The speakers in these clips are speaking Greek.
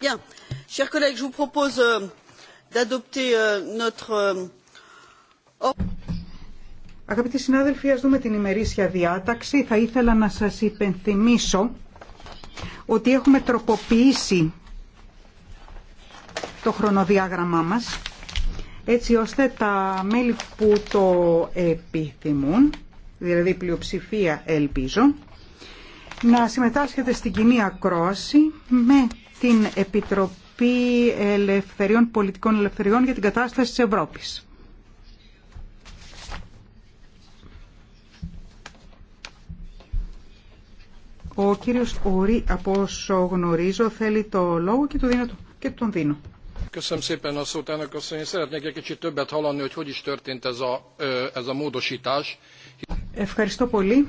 chers Αγαπητοί συνάδελφοι, ας δούμε την ημερήσια διάταξη. Θα ήθελα να σας υπενθυμίσω ότι έχουμε τροποποιήσει το χρονοδιάγραμμά μας έτσι ώστε τα μέλη που το επιθυμούν, δηλαδή πλειοψηφία ελπίζω, να συμμετάσχετε στην κοινή ακρόαση με την Επιτροπή Ελευθεριών Πολιτικών Ελευθεριών για την κατάσταση της Ευρώπης. Ο κύριος Ορί, από όσο γνωρίζω, θέλει το λόγο και, το δίνω, και τον δίνω. Köszönöm szépen a szót, elnök asszony. szeretnék egy kicsit többet hallani, hogy hogy is történt ez a, ez a módosítás. Ευχαριστώ πολύ.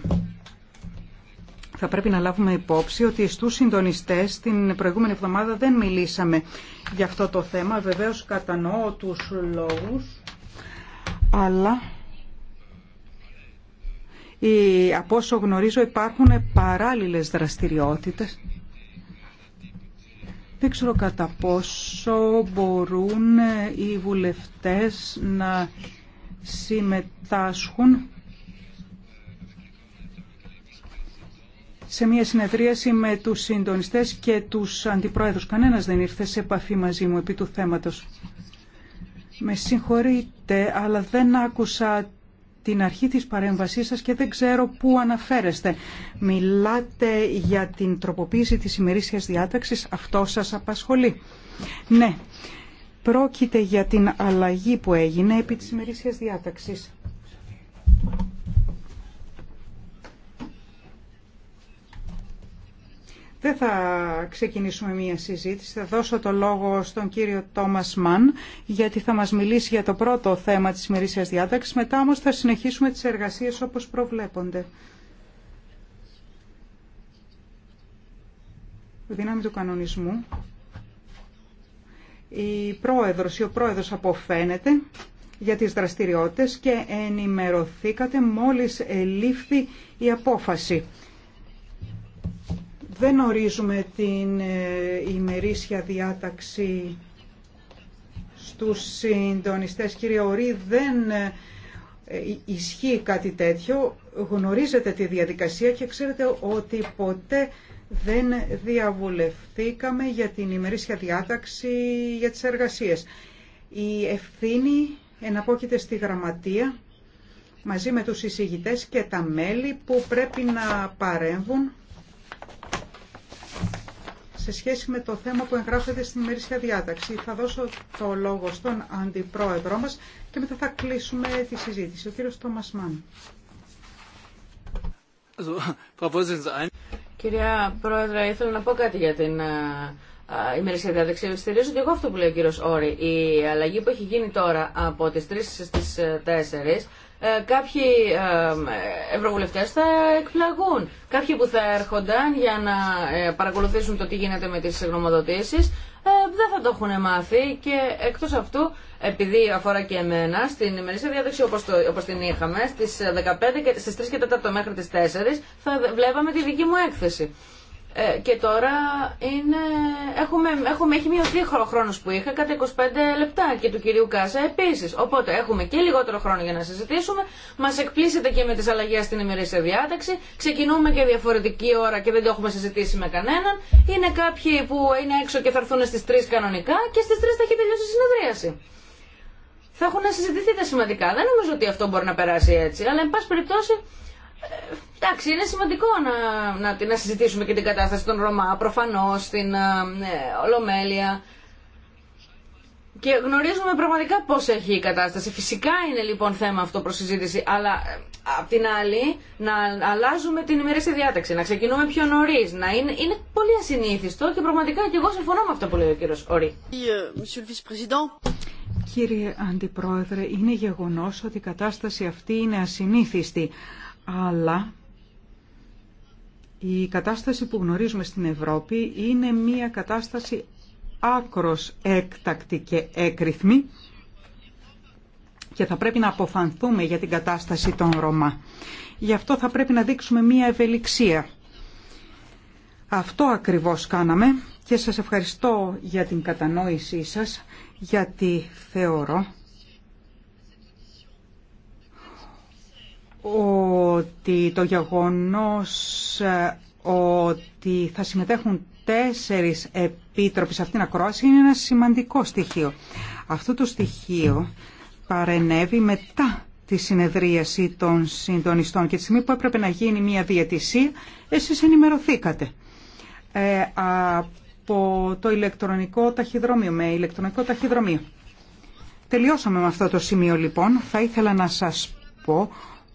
Θα πρέπει να λάβουμε υπόψη ότι στους συντονιστές την προηγούμενη εβδομάδα δεν μιλήσαμε για αυτό το θέμα. Βεβαίως κατανοώ τους λόγους, αλλά η, από όσο γνωρίζω υπάρχουν παράλληλες δραστηριότητες. Δεν ξέρω κατά πόσο μπορούν οι βουλευτές να συμμετάσχουν σε μια συνεδρίαση με τους συντονιστές και τους αντιπρόεδρους. Κανένας δεν ήρθε σε επαφή μαζί μου επί του θέματος. Με συγχωρείτε, αλλά δεν άκουσα την αρχή της παρέμβασής σας και δεν ξέρω πού αναφέρεστε. Μιλάτε για την τροποποίηση της ημερήσιας διάταξης. Αυτό σας απασχολεί. Ναι, πρόκειται για την αλλαγή που έγινε επί της ημερήσιας διάταξης. Δεν θα ξεκινήσουμε μία συζήτηση. Θα δώσω το λόγο στον κύριο Τόμας Μαν, γιατί θα μας μιλήσει για το πρώτο θέμα της ημερήσιας διάταξης. Μετά όμως θα συνεχίσουμε τις εργασίες όπως προβλέπονται. Δύναμη του κανονισμού. Η πρόεδρος ή ο πρόεδρος αποφαίνεται για τις δραστηριότητες και ενημερωθήκατε μόλις ελήφθη η απόφαση δεν ορίζουμε την ε, ημερήσια διάταξη στους συντονιστές. Κύριε Ορή, δεν ε, ε, ισχύει κάτι τέτοιο. Γνωρίζετε τη διαδικασία και ξέρετε ότι ποτέ δεν διαβουλευτήκαμε για την ημερήσια διάταξη για τις εργασίες. Η ευθύνη εναπόκειται στη γραμματεία μαζί με τους εισηγητές και τα μέλη που πρέπει να παρέμβουν σε σχέση με το θέμα που εγγράφεται στην ημερήσια διάταξη. Θα δώσω το λόγο στον αντιπρόεδρό μας και μετά θα κλείσουμε τη συζήτηση. Ο κύριος Τόμας Μάν. Κυρία Πρόεδρε, ήθελα να πω κάτι για την ημερήσια διάταξη. Στηρίζω και εγώ αυτό που λέει ο κύριος Όρη. Η αλλαγή που έχει γίνει τώρα από τις 3 στις 4 ε, κάποιοι ε, ευρωβουλευτές θα εκπλαγούν. Κάποιοι που θα έρχονταν για να ε, παρακολουθήσουν το τι γίνεται με τις γνωμοδοτήσεις δεν θα το έχουν μάθει και εκτός αυτού, επειδή αφορά και εμένα, στην ημερήσια διάδοξη όπως, το, όπως την είχαμε, στις, 15, και στις 3 και 4 μέχρι τις 4 θα βλέπαμε τη δική μου έκθεση. Ε, και τώρα είναι, έχουμε, έχουμε, έχει μειωθεί ο χρόνος που είχα κατά 25 λεπτά και του κυρίου Κάσα επίσης. Οπότε έχουμε και λιγότερο χρόνο για να συζητήσουμε. Μας εκπλήσετε και με τις αλλαγές στην ημερήσια διάταξη. Ξεκινούμε και διαφορετική ώρα και δεν το έχουμε συζητήσει με κανέναν. Είναι κάποιοι που είναι έξω και θα έρθουν στις 3 κανονικά και στις 3 θα έχει τελειώσει η συνεδρίαση θα έχουν να συζητηθεί τα σημαντικά. Δεν νομίζω ότι αυτό μπορεί να περάσει έτσι. Αλλά, εν πάση περιπτώσει, Εντάξει, είναι σημαντικό να, να, να συζητήσουμε και την κατάσταση των Ρωμά, προφανώς, στην ε, ε, Ολομέλεια. Και γνωρίζουμε πραγματικά πώς έχει η κατάσταση. Φυσικά είναι λοιπόν θέμα αυτό προς συζήτηση, αλλά ε, απ' την άλλη να αλλάζουμε την ημερήσια διάταξη, να ξεκινούμε πιο νωρί. Να είναι, είναι πολύ ασυνήθιστο και πραγματικά και εγώ συμφωνώ με αυτό που λέει ο κύριος Ορή. Κύριε Αντιπρόεδρε, είναι γεγονός ότι η κατάσταση αυτή είναι ασυνήθιστη αλλά η κατάσταση που γνωρίζουμε στην Ευρώπη είναι μια κατάσταση άκρος έκτακτη και έκριθμη και θα πρέπει να αποφανθούμε για την κατάσταση των Ρωμά. Γι' αυτό θα πρέπει να δείξουμε μια ευελιξία. Αυτό ακριβώς κάναμε και σας ευχαριστώ για την κατανόησή σας γιατί θεωρώ ότι το γεγονός ε, ότι θα συμμετέχουν τέσσερις επίτροποι σε αυτήν την ακρόαση είναι ένα σημαντικό στοιχείο. Αυτό το στοιχείο παρενέβη μετά τη συνεδρίαση των συντονιστών και τη στιγμή που έπρεπε να γίνει μια διατησία, εσείς ενημερωθήκατε. Ε, από το ηλεκτρονικό ταχυδρομείο, με ηλεκτρονικό ταχυδρομείο. Τελειώσαμε με αυτό το σημείο λοιπόν. Θα ήθελα να σας πω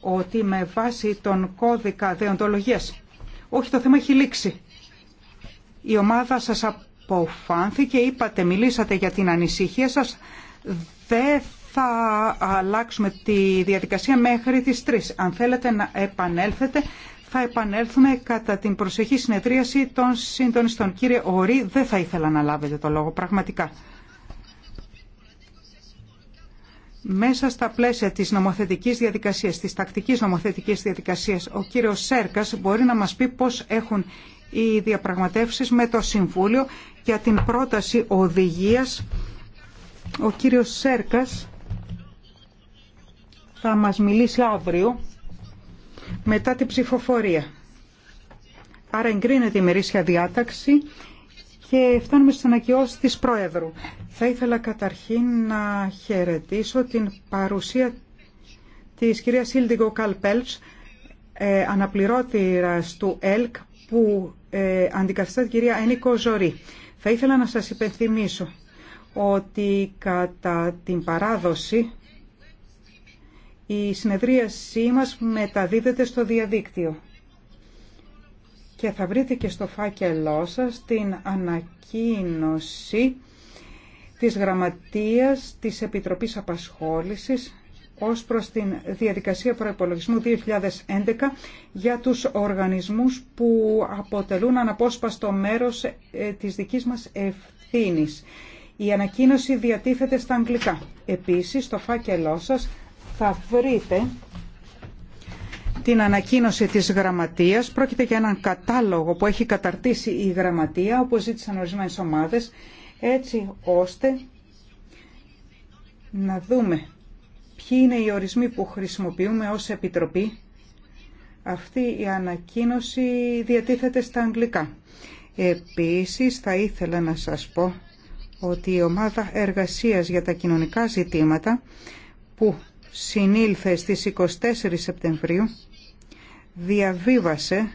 ότι με βάση τον κώδικα δεοντολογίας... Όχι, το θέμα έχει λήξει. Η ομάδα σας αποφάνθηκε, είπατε, μιλήσατε για την ανησυχία σας. Δεν θα αλλάξουμε τη διαδικασία μέχρι τις 3. Αν θέλετε να επανέλθετε, θα επανέλθουμε κατά την προσεχή συνεδρίαση των συντονιστών. Κύριε Ορή, δεν θα ήθελα να λάβετε το λόγο, πραγματικά. μέσα στα πλαίσια της νομοθετικής διαδικασίας, της τακτικής νομοθετικής διαδικασίας, ο κύριος Σέρκας μπορεί να μας πει πώς έχουν οι διαπραγματεύσεις με το Συμβούλιο για την πρόταση οδηγίας. Ο κύριος Σέρκας θα μας μιλήσει αύριο μετά την ψηφοφορία. Άρα εγκρίνεται η μερίσια διάταξη. Και φτάνουμε στις ανακοιώσεις της Πρόεδρου. Θα ήθελα καταρχήν να χαιρετήσω την παρουσία της κυρίας Σίλντιγκο Καλπέλτς, ε, αναπληρώτηρας του ΕΛΚ, που ε, αντικαθιστά την κυρία Ενίκο Ζωρή. Θα ήθελα να σας υπενθυμίσω ότι κατά την παράδοση η συνεδρίασή μας μεταδίδεται στο διαδίκτυο και θα βρείτε και στο φάκελό σας την ανακοίνωση της Γραμματείας της Επιτροπής Απασχόλησης ως προς την διαδικασία προϋπολογισμού 2011 για τους οργανισμούς που αποτελούν αναπόσπαστο μέρος ε, της δικής μας ευθύνης. Η ανακοίνωση διατίθεται στα αγγλικά. Επίσης, στο φάκελό σας θα βρείτε την ανακοίνωση της γραμματείας. Πρόκειται για έναν κατάλογο που έχει καταρτήσει η γραμματεία, όπως ζήτησαν ορισμένε ομάδες, έτσι ώστε να δούμε ποιοι είναι οι ορισμοί που χρησιμοποιούμε ως Επιτροπή. Αυτή η ανακοίνωση διατίθεται στα αγγλικά. Επίσης θα ήθελα να σας πω ότι η ομάδα εργασίας για τα κοινωνικά ζητήματα που συνήλθε στις 24 Σεπτεμβρίου διαβίβασε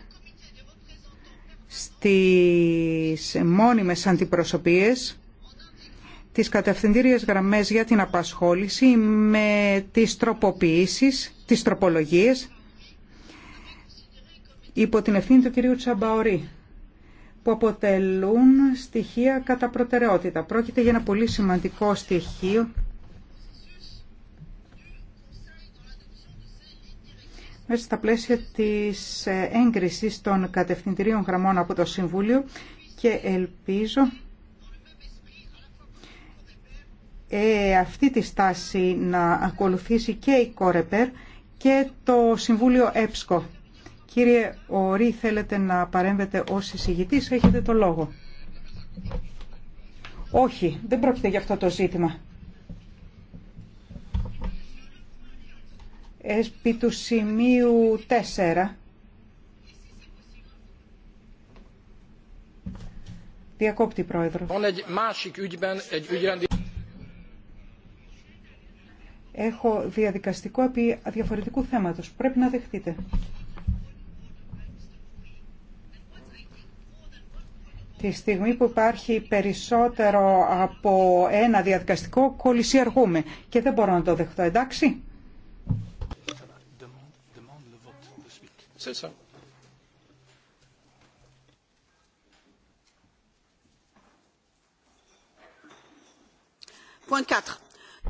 στις μόνιμες αντιπροσωπείες τις κατευθυντήριες γραμμές για την απασχόληση με τις τροποποιήσεις, τις τροπολογίες υπό την ευθύνη του κυρίου Τσαμπαωρή που αποτελούν στοιχεία κατά προτεραιότητα. Πρόκειται για ένα πολύ σημαντικό στοιχείο μέσα στα πλαίσια της ε, έγκρισης των κατευθυντηρίων γραμμών από το Συμβούλιο και ελπίζω ε, αυτή τη στάση να ακολουθήσει και η Κόρεπερ και το Συμβούλιο ΕΠΣΚΟ. Κύριε Ορή, θέλετε να παρέμβετε ως εισηγητής, έχετε το λόγο. Όχι, δεν πρόκειται για αυτό το ζήτημα. επί του σημείου 4 Διακόπτη πρόεδρο. Έχω διαδικαστικό επί διαφορετικού θέματος. Πρέπει να δεχτείτε. Τη στιγμή που υπάρχει περισσότερο από ένα διαδικαστικό, κολλησιεργούμε και δεν μπορώ να το δεχτώ, εντάξει.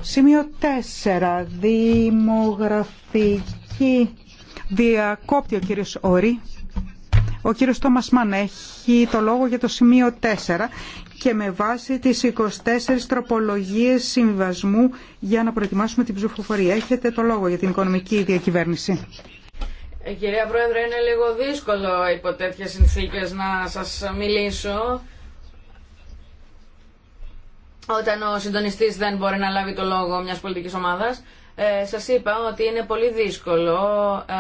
Σημείο 4. Δημογραφική διακόπτη ο κύριος Όρη. Ο κύριος Τόμας Μαν έχει το λόγο για το σημείο 4 και με βάση τις 24 τροπολογίες συμβασμού για να προετοιμάσουμε την ψηφοφορία. Έχετε το λόγο για την οικονομική διακυβέρνηση. Ε, κυρία Πρόεδρε, είναι λίγο δύσκολο υπό τέτοιες συνθήκες να σας μιλήσω. Όταν ο συντονιστής δεν μπορεί να λάβει το λόγο μιας πολιτικής ομάδας, ε, σας είπα ότι είναι πολύ δύσκολο ε,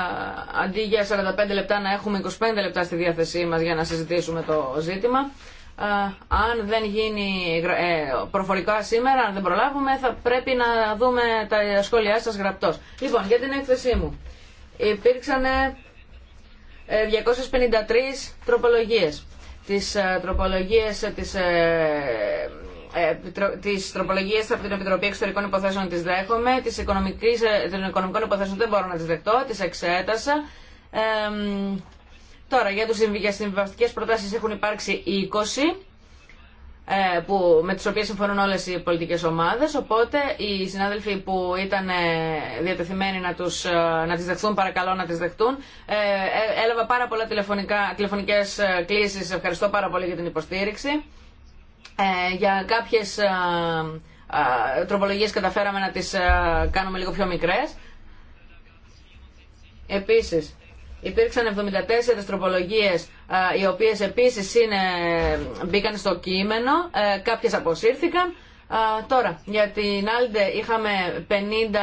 αντί για 45 λεπτά να έχουμε 25 λεπτά στη διάθεσή μας για να συζητήσουμε το ζήτημα. Ε, αν δεν γίνει ε, προφορικά σήμερα, αν δεν προλάβουμε, θα πρέπει να δούμε τα σχόλιά σας γραπτός. Λοιπόν, για την έκθεσή μου υπήρξαν 253 ε, τροπολογίες. Ε, ε, τις τροπολογίες από την Επιτροπή Εξωτερικών Υποθέσεων τι δέχομαι, τις οικονομικής, των οικονομικών υποθέσεων δεν μπορώ να τι δεχτώ, τι εξέτασα. τώρα, για, τους, για τις έχουν υπάρξει 20. Ε, που, με τις οποίες συμφωνούν όλες οι πολιτικές ομάδες, οπότε οι συνάδελφοι που ήταν ε, διατεθειμένοι να, τους, ε, να τις δεχθούν, παρακαλώ να τις δεχτούν. έλαβα πάρα πολλά τηλεφωνικά, τηλεφωνικές κλήσεις, ευχαριστώ πάρα πολύ για την υποστήριξη. για κάποιες τροπολογίες καταφέραμε να τις κάνουμε λίγο πιο μικρές. Επίσης, Υπήρξαν 74 τροπολογίε, οι οποίες επίσης είναι, μπήκαν στο κείμενο, ε, κάποιες αποσύρθηκαν. Τώρα, για την Άλντε είχαμε 50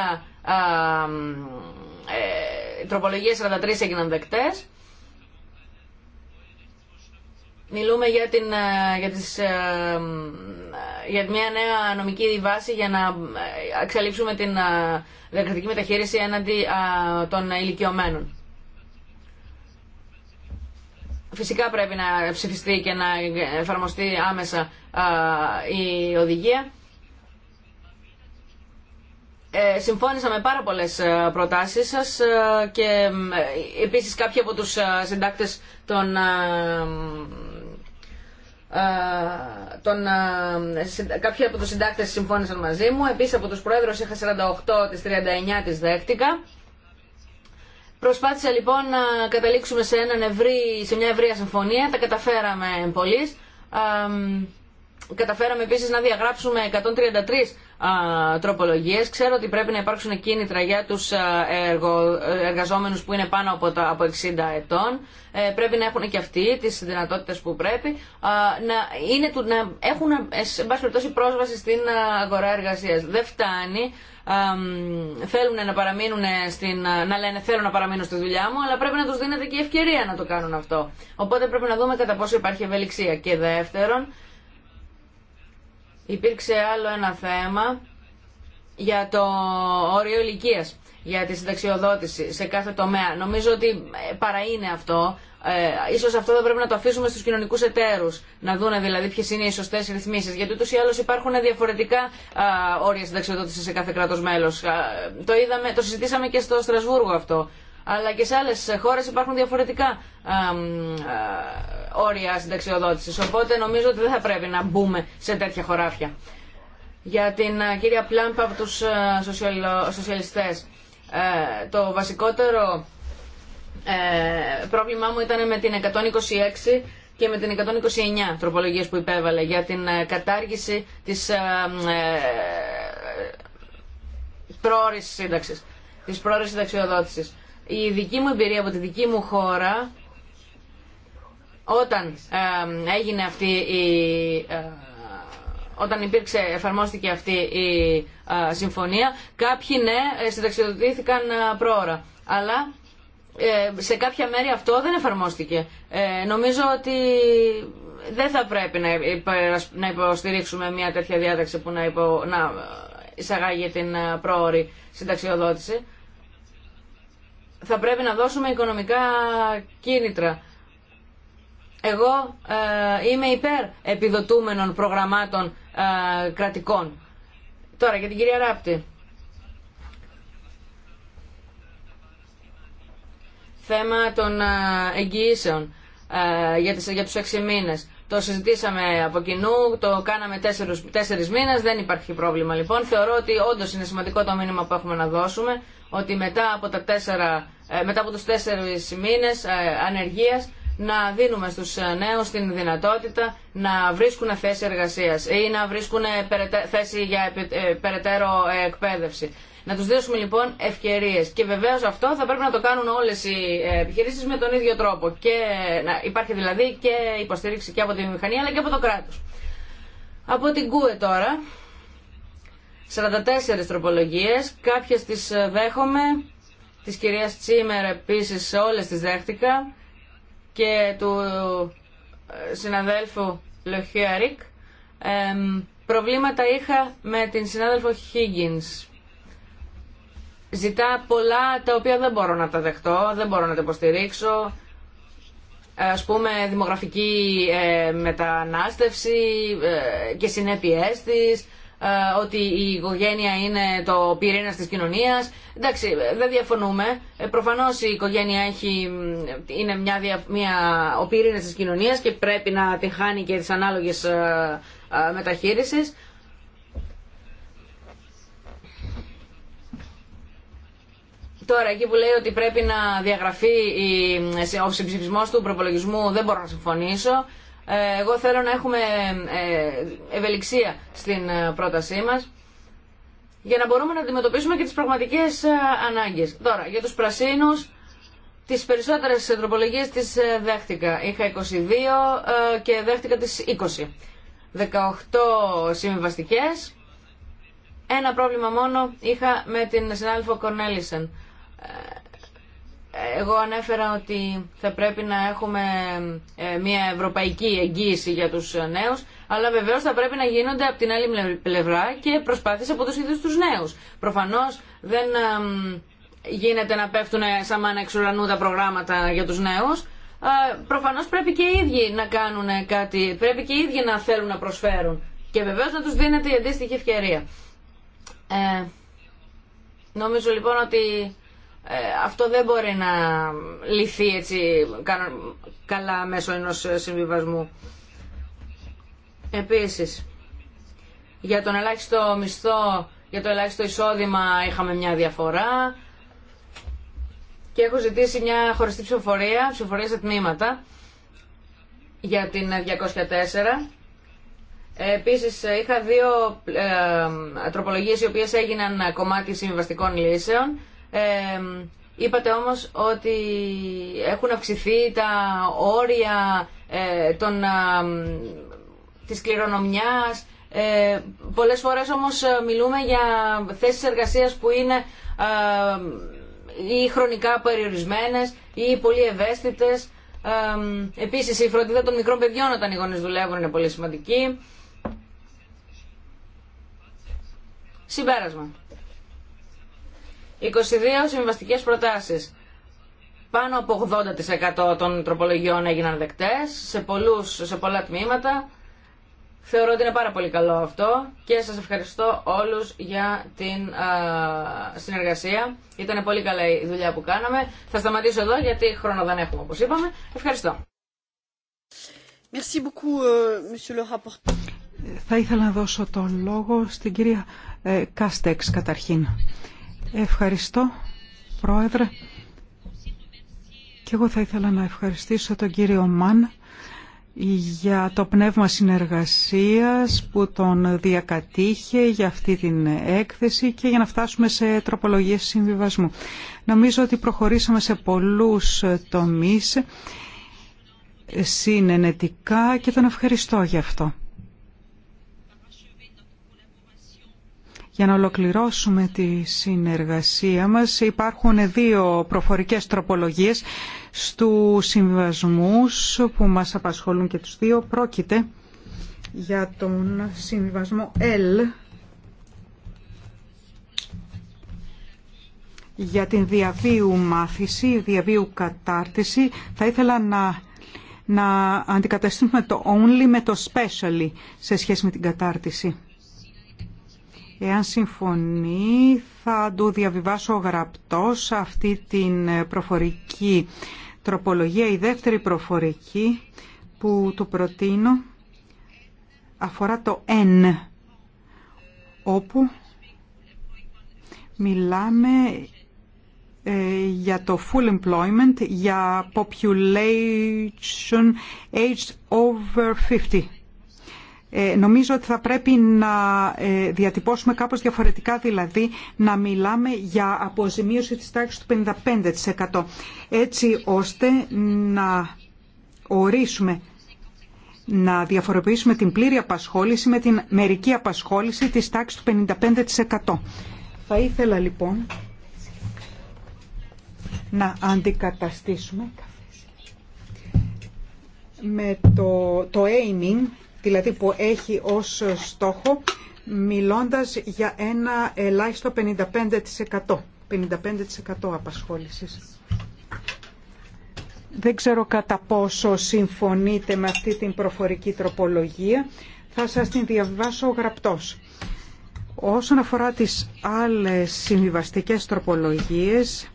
τροπολογίε 43 έγιναν δεκτές. Μιλούμε για, την, ε, για, τις, ε, για μια νέα νομική βάση για να εξαλείψουμε την διακριτική μεταχείριση έναντι των ηλικιωμένων. Φυσικά πρέπει να ψηφιστεί και να εφαρμοστεί άμεσα η οδηγία. Ε, συμφώνησα με πάρα πολλές ε, προτάσεις σας ε, και επίσης κάποιοι από τους ε, συντάκτες των, των, κάποιοι από τους συντάκτες συμφώνησαν μαζί μου. Επίσης από τους πρόεδρους είχα 48, τις 39 τις δέχτηκα. Προσπάθησα λοιπόν να καταλήξουμε σε, έναν ευρύ, σε μια ευρεία συμφωνία. Τα καταφέραμε πολύ. Καταφέραμε επίση να διαγράψουμε 133 α, τροπολογίες. Ξέρω ότι πρέπει να υπάρξουν κίνητρα για τους εργο, εργαζόμενους που είναι πάνω από, 60 ετών. Ε, πρέπει να έχουν και αυτοί τις δυνατότητες που πρέπει. να, είναι, να έχουν ε, σε πάση περιπτώσει πρόσβαση στην αγορά εργασίας. Δεν φτάνει. θέλουν να παραμείνουν στην, να λένε θέλω να παραμείνω στη δουλειά μου, αλλά πρέπει να τους δίνεται και η ευκαιρία να το κάνουν αυτό. Οπότε πρέπει να δούμε κατά πόσο υπάρχει ευελιξία. Και δεύτερον, Υπήρξε άλλο ένα θέμα για το όριο ηλικία για τη συνταξιοδότηση σε κάθε τομέα. Νομίζω ότι ε, παρά είναι αυτό. Ε, ίσως αυτό θα πρέπει να το αφήσουμε στους κοινωνικούς εταίρους, να δούνε δηλαδή ποιες είναι οι σωστές ρυθμίσεις, γιατί ούτως ή άλλως υπάρχουν διαφορετικά όρια συνταξιοδότηση σε κάθε κράτος μέλος. το, είδαμε, το συζητήσαμε και στο Στρασβούργο αυτό αλλά και σε άλλε χώρε υπάρχουν διαφορετικά ε, όρια συνταξιοδότηση. Οπότε νομίζω ότι δεν θα πρέπει να μπούμε σε τέτοια χωράφια. Για την ε, κυρία Πλάμπα από τους ε, σοσιαλιστές. Το βασικότερο πρόβλημά μου ήταν με την 126 και με την 129 τροπολογίες που υπέβαλε για την κατάργηση της πρόορης σύνταξης, της πρόορης συνταξιοδότησης η δική μου εμπειρία από τη δική μου χώρα όταν έγινε αυτή η, ε, όταν υπήρξε, εφαρμόστηκε αυτή η ε, συμφωνία, κάποιοι ναι, ε, συνταξιοδοτήθηκαν πρόωρα. Αλλά σε κάποια μέρη αυτό δεν εφαρμόστηκε. νομίζω ότι δεν θα πρέπει να, υποστηρίξουμε μια τέτοια διάταξη που να, υπο, να εισαγάγει την πρόωρη συνταξιοδότηση θα πρέπει να δώσουμε οικονομικά κίνητρα. Εγώ ε, είμαι υπέρ επιδοτούμενων προγραμμάτων ε, κρατικών. Τώρα για την κυρία Ράπτη. Θέμα των ε, εγγυήσεων για, τις, για τους έξι μήνες. Το συζητήσαμε από κοινού, το κάναμε τέσσερις, τέσσερις μήνες, δεν υπάρχει πρόβλημα λοιπόν. Θεωρώ ότι όντως είναι σημαντικό το μήνυμα που έχουμε να δώσουμε ότι μετά από, τα τέσσερα, ε, μετά από τους τέσσερις μήνες ε, ανεργίας να δίνουμε στους ε, νέους την δυνατότητα να βρίσκουν θέση εργασίας ή να βρίσκουν θέση για περαιτέρω εκπαίδευση. Να τους δώσουμε λοιπόν ευκαιρίες και βεβαίως αυτό θα πρέπει να το κάνουν όλες οι επιχειρήσεις με τον ίδιο τρόπο και να υπάρχει δηλαδή και υποστήριξη και από τη μηχανία αλλά και από το κράτος. Από την ΚΟΕ τώρα 44 τροπολογίες, κάποιες τις ε, δέχομαι, της κυρίας Τσίμερ επίσης όλες τις δέχτηκα και του ε, συναδέλφου Λοχιαρικ. προβλήματα είχα με την συνάδελφο Higgins. Ζητά πολλά τα οποία δεν μπορώ να τα δεχτώ, δεν μπορώ να τα υποστηρίξω. Ας πούμε δημογραφική ε, μετανάστευση και συνέπειές της ε, ότι η οικογένεια είναι το πυρήνα της κοινωνίας. Εντάξει, δεν διαφωνούμε. Ε, προφανώς η οικογένεια είναι μια, μια, ο πυρήνας της κοινωνίας και πρέπει να τη χάνει και τις ανάλογες ε, μεταχείρισης. Τώρα, εκεί που λέει ότι πρέπει να διαγραφεί ο συμψηφισμός του προπολογισμού, δεν μπορώ να συμφωνήσω. Ε, εγώ θέλω να έχουμε ε, ευελιξία στην ε, πρότασή μας για να μπορούμε να αντιμετωπίσουμε και τις πραγματικές ανάγκες. Τώρα, για τους πρασίνους, τις περισσότερες τροπολογίε τις δέχτηκα. Είχα 22 και δέχτηκα τις 20. 18 συμβιβαστικές. Ένα πρόβλημα μόνο είχα με την συνάδελφο Κορνέλισεν. Εγώ ανέφερα ότι θα πρέπει να έχουμε ε, μια ευρωπαϊκή εγγύηση για τους νέους, αλλά βεβαίως θα πρέπει να γίνονται από την άλλη πλευρά και προσπάθειες από τους ίδιους τους νέους. Προφανώς δεν γίνεται να πέφτουν σαν μάνα εξ τα προγράμματα για τους νέους. Προφανώς πρέπει και οι ίδιοι να κάνουν κάτι, πρέπει και οι ίδιοι να θέλουν να προσφέρουν και βεβαίως να τους δίνεται η αντίστοιχη ευκαιρία. Ε, νομίζω λοιπόν ότι ε, αυτό δεν μπορεί να λυθεί έτσι καλά μέσω ενός ε, συμβιβασμού. Επίσης, για τον ελάχιστο μισθό, για το ελάχιστο εισόδημα είχαμε μια διαφορά και έχω ζητήσει μια χωριστή ψηφοφορία, ψηφοφορία σε τμήματα για την 204. Ε, επίσης είχα δύο ε, τροπολογίες οι οποίες έγιναν κομμάτι συμβιβαστικών λύσεων Είπατε όμως ότι έχουν αυξηθεί τα όρια ε, των, της κληρονομιάς. Ε, πολλές φορές όμως ε, μιλούμε για θέσεις εργασίας που είναι ή χρονικά περιορισμένες ή πολύ ευαίσθητες. Ε, επίσης η φροντίδα των μικρών παιδιών όταν οι γονείς δουλεύουν είναι πολύ σημαντική. Συμπέρασμα. 22 συμβαστικέ προτάσεις. Πάνω από 80% των τροπολογιών έγιναν δεκτέ σε, πολλούς, σε πολλά τμήματα. Θεωρώ ότι είναι πάρα πολύ καλό αυτό και σας ευχαριστώ όλους για την α, συνεργασία. Ήταν πολύ καλά η δουλειά που κάναμε. Θα σταματήσω εδώ γιατί χρόνο δεν έχουμε όπως είπαμε. Ευχαριστώ. Merci beaucoup, euh, le Θα ήθελα να δώσω τον λόγο στην κυρία ε, Κάστεξ καταρχήν. Ευχαριστώ, Πρόεδρε. Και εγώ θα ήθελα να ευχαριστήσω τον κύριο Μαν για το πνεύμα συνεργασίας που τον διακατήχε για αυτή την έκθεση και για να φτάσουμε σε τροπολογίες συμβιβασμού. Νομίζω ότι προχωρήσαμε σε πολλούς τομείς συνενετικά και τον ευχαριστώ γι' αυτό. Για να ολοκληρώσουμε τη συνεργασία μας υπάρχουν δύο προφορικές τροπολογίες στου συμβασμούς που μας απασχολούν και τους δύο. Πρόκειται για τον συμβασμό L για την διαβίου μάθηση, διαβίου κατάρτιση. Θα ήθελα να, να αντικαταστήσουμε το only με το specially σε σχέση με την κατάρτιση. Εάν συμφωνεί θα του διαβιβάσω σε αυτή την προφορική τροπολογία, η δεύτερη προφορική που του προτείνω αφορά το N, όπου μιλάμε ε, για το full employment, για population aged over 50. Ε, νομίζω ότι θα πρέπει να ε, διατυπώσουμε κάπως διαφορετικά, δηλαδή να μιλάμε για αποζημίωση της τάξης του 55%. Έτσι ώστε να ορίσουμε, να διαφοροποιήσουμε την πλήρη απασχόληση με την μερική απασχόληση της τάξης του 55%. Θα ήθελα λοιπόν να αντικαταστήσουμε με το, το aiming δηλαδή που έχει ως στόχο μιλώντας για ένα ελάχιστο 55%. 55% απασχόλησης. Δεν ξέρω κατά πόσο συμφωνείτε με αυτή την προφορική τροπολογία. Θα σας την διαβάσω γραπτός. Όσον αφορά τις άλλες συμβιβαστικές τροπολογίες,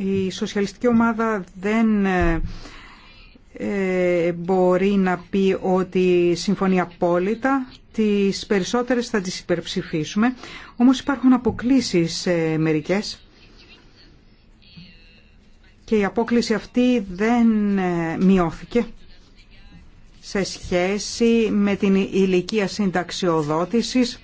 Η σοσιαλιστική ομάδα δεν ε, ε, μπορεί να πει ότι συμφωνεί απόλυτα. Τις περισσότερες θα τις υπερψηφίσουμε. Όμως υπάρχουν αποκλήσεις μερικές. Και η απόκληση αυτή δεν ε, μειώθηκε σε σχέση με την ηλικία συνταξιοδότησης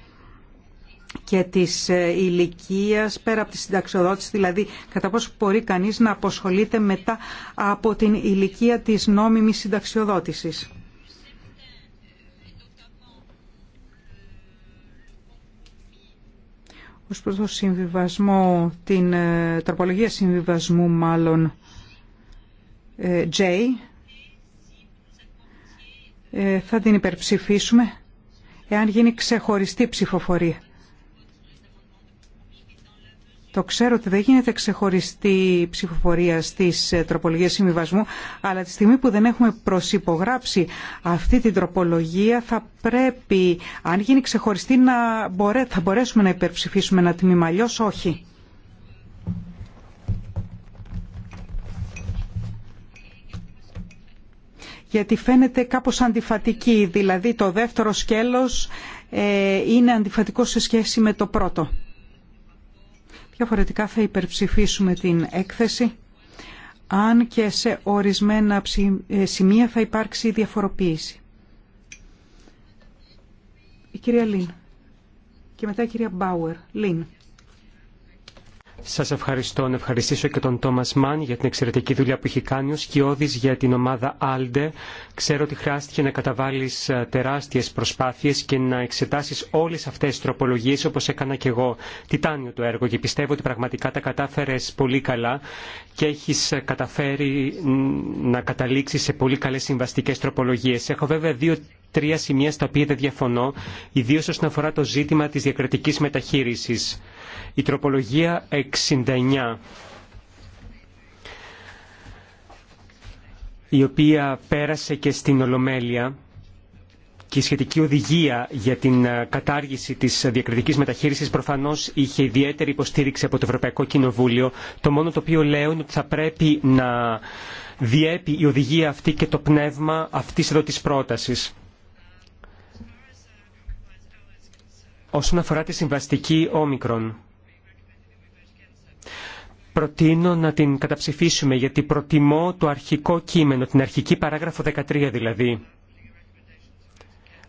και της ε, ηλικία πέρα από τη συνταξιοδότηση, δηλαδή κατά πόσο μπορεί κανείς να αποσχολείται μετά από την ηλικία της νόμιμης συνταξιοδότησης. Ως προς το συμβιβασμό, την ε, τροπολογία συμβιβασμού μάλλον ε, J, θα την υπερψηφίσουμε εάν γίνει ξεχωριστή ψηφοφορία το ξέρω ότι δεν γίνεται ξεχωριστή ψηφοφορία στις ε, τροπολογίε συμβιβασμού, αλλά τη στιγμή που δεν έχουμε προσυπογράψει αυτή την τροπολογία θα πρέπει, αν γίνει ξεχωριστή, να μπορέ, θα μπορέσουμε να υπερψηφίσουμε ένα τμήμα, αλλιώ όχι. γιατί φαίνεται κάπως αντιφατική, δηλαδή το δεύτερο σκέλος ε, είναι αντιφατικό σε σχέση με το πρώτο. Διαφορετικά θα υπερψηφίσουμε την έκθεση, αν και σε ορισμένα ε, σημεία θα υπάρξει διαφοροποίηση. Η κυρία Λίν και μετά η κυρία Μπάουερ. Λίν. Σας ευχαριστώ. Να ευχαριστήσω και τον Τόμας Μαν για την εξαιρετική δουλειά που έχει κάνει ο Σκιώδης για την ομάδα Άλντε. Ξέρω ότι χρειάστηκε να καταβάλεις ε, τεράστιες προσπάθειες και να εξετάσεις όλες αυτές τις τροπολογίες όπως έκανα και εγώ. Τιτάνιο το έργο και πιστεύω ότι πραγματικά τα κατάφερες πολύ καλά και έχεις ε, καταφέρει να καταλήξεις σε πολύ καλές συμβαστικές τροπολογίες. Έχω βέβαια δύο τρία σημεία στα οποία δεν διαφωνώ, ιδίω όσον αφορά το ζήτημα τη διακριτική μεταχείριση. Η τροπολογία 69. η οποία πέρασε και στην Ολομέλεια και η σχετική οδηγία για την ε, κατάργηση της διακριτικής μεταχείρισης προφανώς είχε ιδιαίτερη υποστήριξη από το Ευρωπαϊκό Κοινοβούλιο. Το μόνο το οποίο λέω είναι ότι θα πρέπει να διέπει η οδηγία αυτή και το πνεύμα αυτής εδώ της πρότασης. όσον αφορά τη συμβαστική όμικρον. Προτείνω να την καταψηφίσουμε γιατί προτιμώ το αρχικό κείμενο, την αρχική παράγραφο 13 δηλαδή.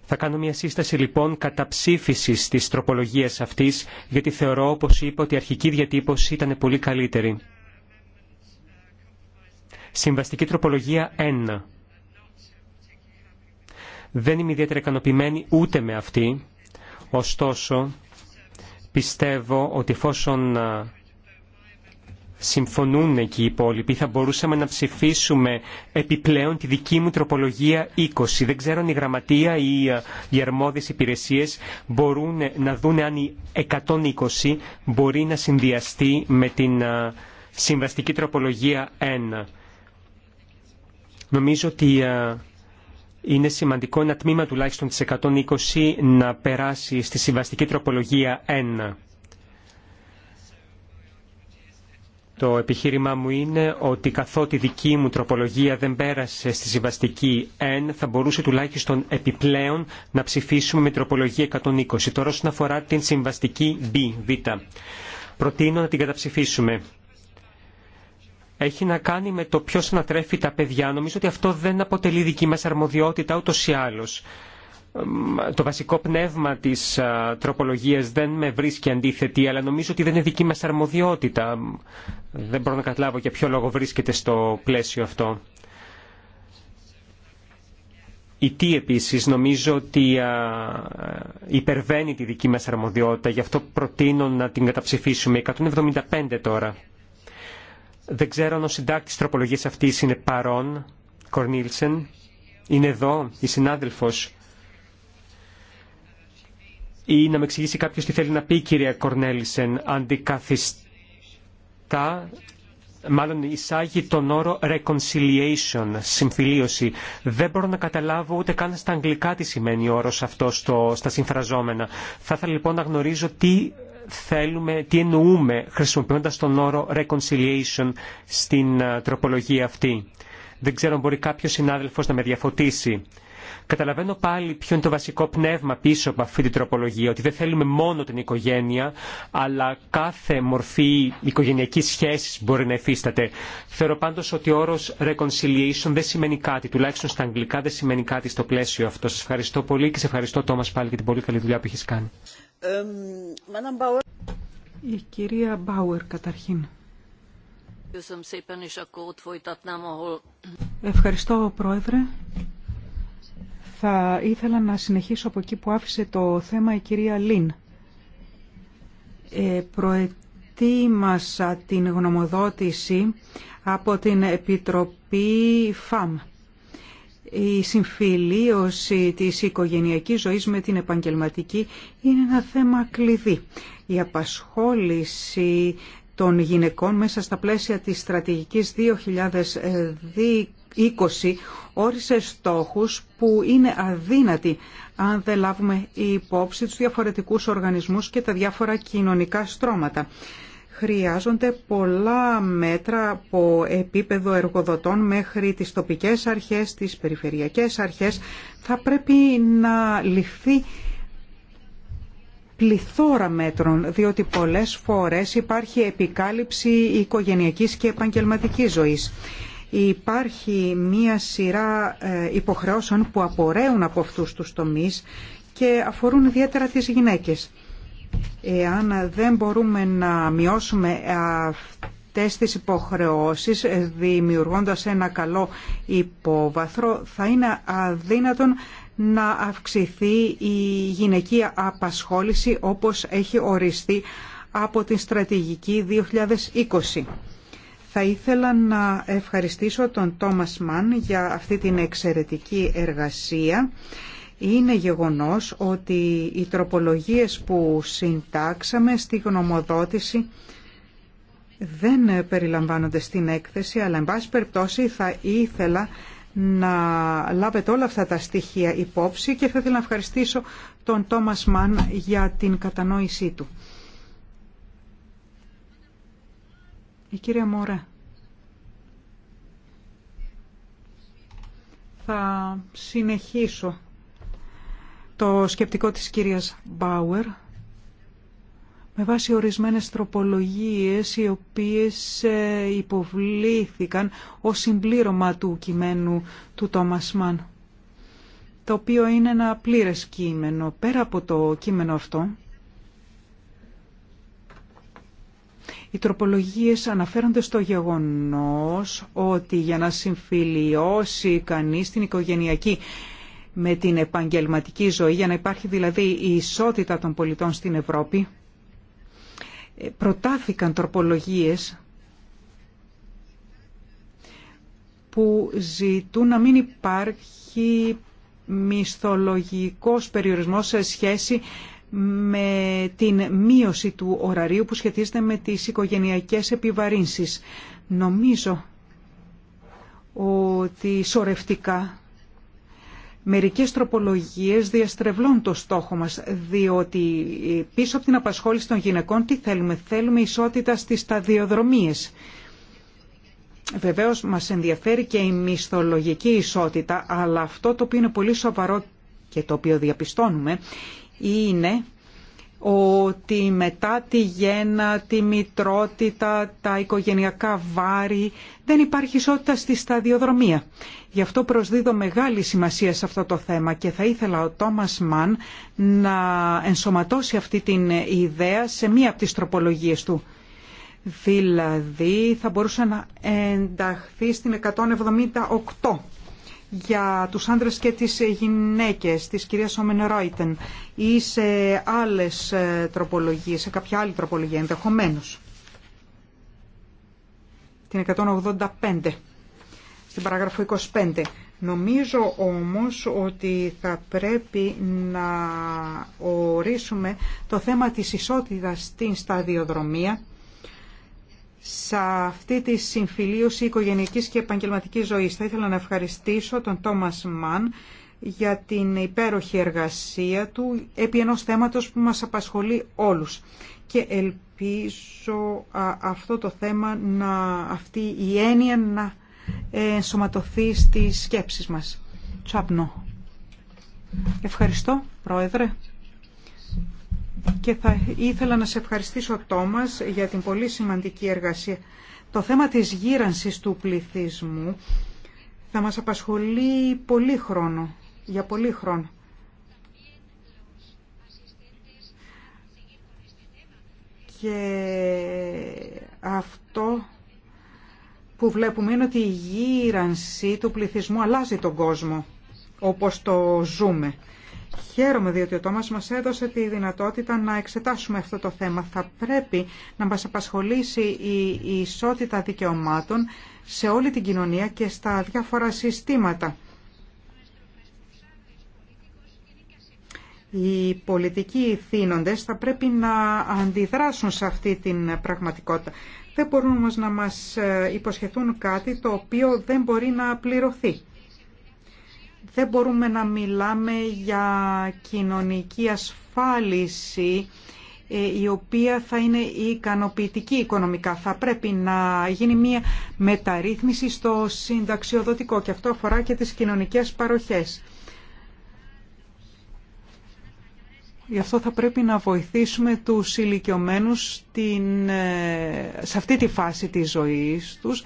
Θα κάνω μια σύσταση λοιπόν καταψήφισης της τροπολογίας αυτής γιατί θεωρώ όπως είπα ότι η αρχική διατύπωση ήταν πολύ καλύτερη. Συμβαστική τροπολογία 1. Δεν είμαι ιδιαίτερα ικανοποιημένη ούτε με αυτή Ωστόσο, πιστεύω ότι εφόσον συμφωνούν και οι υπόλοιποι, θα μπορούσαμε να ψηφίσουμε επιπλέον τη δική μου τροπολογία 20. Δεν ξέρω αν η γραμματεία ή οι αρμόδιες υπηρεσίες μπορούν να δουν αν η 120 μπορεί να συνδυαστεί με την συμβαστική τροπολογία 1. Νομίζω ότι είναι σημαντικό ένα τμήμα τουλάχιστον της 120 να περάσει στη συμβαστική τροπολογία 1. Το επιχείρημά μου είναι ότι καθότι δική μου τροπολογία δεν πέρασε στη συμβαστική N, θα μπορούσε τουλάχιστον επιπλέον να ψηφίσουμε με τροπολογία 120. Τώρα όσον αφορά την συμβαστική B, Β. Προτείνω να την καταψηφίσουμε έχει να κάνει με το ποιος ανατρέφει τα παιδιά. Νομίζω ότι αυτό δεν αποτελεί δική μα αρμοδιότητα ούτως ή άλλως. Το βασικό πνεύμα της τροπολογία δεν με βρίσκει αντίθετη, αλλά νομίζω ότι δεν είναι δική μα αρμοδιότητα. Δεν μπορώ να καταλάβω για ποιο λόγο βρίσκεται στο πλαίσιο αυτό. Η τι επίση νομίζω ότι υπερβαίνει τη δική μα αρμοδιότητα, γι' αυτό προτείνω να την καταψηφίσουμε. 175 τώρα. Δεν ξέρω αν ο συντάκτη τροπολογίας αυτή είναι παρόν, Κορνίλσεν. Είναι εδώ, η συνάδελφος. Ή να με εξηγήσει κάποιο τι θέλει να πει, κυρία Κορνέλσεν. αντικαθιστά μάλλον εισάγει τον όρο reconciliation, συμφιλίωση. Δεν μπορώ να καταλάβω ούτε καν στα αγγλικά τι σημαίνει ο όρος αυτό στο, στα συμφραζόμενα. Θα ήθελα λοιπόν να γνωρίζω τι θέλουμε, τι εννοούμε χρησιμοποιώντας τον όρο reconciliation στην ε, τροπολογία αυτή. Δεν ξέρω αν μπορεί κάποιος συνάδελφος να με διαφωτίσει. Καταλαβαίνω πάλι ποιο είναι το βασικό πνεύμα πίσω από αυτή την τροπολογία, ότι δεν θέλουμε μόνο την οικογένεια, αλλά κάθε μορφή οικογενειακή σχέση μπορεί να υφίσταται. Θεωρώ πάντω ότι ο όρο reconciliation δεν σημαίνει κάτι, τουλάχιστον στα αγγλικά δεν σημαίνει κάτι στο πλαίσιο αυτό. Σα ευχαριστώ πολύ και σε ευχαριστώ, Τόμα, πάλι για την πολύ καλή δουλειά που έχει κάνει. Η κυρία Μπάουερ, καταρχήν. Ευχαριστώ, Πρόεδρε. Θα ήθελα να συνεχίσω από εκεί που άφησε το θέμα η κυρία Λίν. Ε, προετοίμασα την γνωμοδότηση από την Επιτροπή ΦΑΜ. Η συμφιλίωση της οικογενειακής ζωής με την επαγγελματική είναι ένα θέμα κλειδί. Η απασχόληση των γυναικών μέσα στα πλαίσια της στρατηγικής 2020. 20 όρισε στόχους που είναι αδύνατοι αν δεν λάβουμε υπόψη τους διαφορετικούς οργανισμούς και τα διάφορα κοινωνικά στρώματα. Χρειάζονται πολλά μέτρα από επίπεδο εργοδοτών μέχρι τις τοπικές αρχές, τις περιφερειακές αρχές. Θα πρέπει να ληφθεί πληθώρα μέτρων, διότι πολλές φορές υπάρχει επικάλυψη οικογενειακής και επαγγελματικής ζωής. Υπάρχει μία σειρά ε, υποχρεώσεων που απορρέουν από αυτούς τους τομείς και αφορούν ιδιαίτερα τις γυναίκες. Εάν δεν μπορούμε να μειώσουμε αυτές τις υποχρεώσεις ε, δημιουργώντας ένα καλό υπόβαθρο θα είναι αδύνατον να αυξηθεί η γυναική απασχόληση όπως έχει οριστεί από την στρατηγική 2020. Θα ήθελα να ευχαριστήσω τον Τόμας Μαν για αυτή την εξαιρετική εργασία. Είναι γεγονός ότι οι τροπολογίες που συντάξαμε στη γνωμοδότηση δεν περιλαμβάνονται στην έκθεση, αλλά εν πάση περιπτώσει θα ήθελα να λάβετε όλα αυτά τα στοιχεία υπόψη και θα ήθελα να ευχαριστήσω τον Τόμας Μαν για την κατανόησή του. Η κυρία Μωρέ. Θα συνεχίσω το σκεπτικό της κυρίας Μπάουερ με βάση ορισμένες τροπολογίες οι οποίες ε, υποβλήθηκαν ως συμπλήρωμα του κειμένου του Τόμας Μαν το οποίο είναι ένα πλήρες κείμενο. Πέρα από το κείμενο αυτό Οι τροπολογίες αναφέρονται στο γεγονός ότι για να συμφιλιώσει κανείς την οικογενειακή με την επαγγελματική ζωή, για να υπάρχει δηλαδή η ισότητα των πολιτών στην Ευρώπη, ε, προτάθηκαν τροπολογίες που ζητούν να μην υπάρχει μισθολογικός περιορισμός σε σχέση με την μείωση του ωραρίου που σχετίζεται με τις οικογενειακές επιβαρύνσεις. Νομίζω ότι σωρευτικά μερικές τροπολογίες διαστρεβλώνουν το στόχο μας, διότι πίσω από την απασχόληση των γυναικών τι θέλουμε, θέλουμε ισότητα στις σταδιοδρομίες. Βεβαίως μας ενδιαφέρει και η μισθολογική ισότητα, αλλά αυτό το οποίο είναι πολύ σοβαρό και το οποίο διαπιστώνουμε είναι ότι μετά τη γέννα, τη μητρότητα, τα οικογενειακά βάρη δεν υπάρχει ισότητα στη σταδιοδρομία. Γι' αυτό προσδίδω μεγάλη σημασία σε αυτό το θέμα και θα ήθελα ο Τόμας Μαν να ενσωματώσει αυτή την ιδέα σε μία από τις τροπολογίες του. Δηλαδή θα μπορούσε να ενταχθεί στην 178 για τους άντρες και τις γυναίκες της κυρίας Όμεν Ρόιτεν ή σε άλλες ε, τροπολογίες, σε κάποια άλλη τροπολογία ενδεχομένως. Την 185, στην παράγραφο 25. Νομίζω όμως ότι θα πρέπει να ορίσουμε το θέμα της ισότητας στην σταδιοδρομία σε αυτή τη συμφιλίωση οικογενειακής και επαγγελματικής ζωής. Θα ήθελα να ευχαριστήσω τον Τόμας Μαν για την υπέροχη εργασία του επί ενός θέματος που μας απασχολεί όλους. Και ελπίζω αυτό το θέμα, να, αυτή η έννοια να ενσωματωθεί στις σκέψεις μας. Τσάπνο. Ευχαριστώ, Πρόεδρε και θα ήθελα να σε ευχαριστήσω Τόμας για την πολύ σημαντική εργασία. Το θέμα της γύρανσης του πληθυσμού θα μας απασχολεί πολύ χρόνο, για πολύ χρόνο. Και αυτό που βλέπουμε είναι ότι η γύρανση του πληθυσμού αλλάζει τον κόσμο, όπως το ζούμε. Χαίρομαι διότι ο Τόμας μας έδωσε τη δυνατότητα να εξετάσουμε αυτό το θέμα. Θα πρέπει να μας απασχολήσει η ισότητα δικαιωμάτων σε όλη την κοινωνία και στα διάφορα συστήματα. Οι πολιτικοί θύνοντες θα πρέπει να αντιδράσουν σε αυτή την πραγματικότητα. Δεν μπορούν όμως να μας ε, υποσχεθούν κάτι το οποίο δεν μπορεί να πληρωθεί. Δεν μπορούμε να μιλάμε για κοινωνική ασφάλιση ε, η οποία θα είναι ικανοποιητική οικονομικά. Θα πρέπει να γίνει μια μεταρρύθμιση στο συνταξιοδοτικό και αυτό αφορά και τις κοινωνικές παροχές. Γι' αυτό θα πρέπει να βοηθήσουμε τους ηλικιωμένους στην, ε, σε αυτή τη φάση της ζωής τους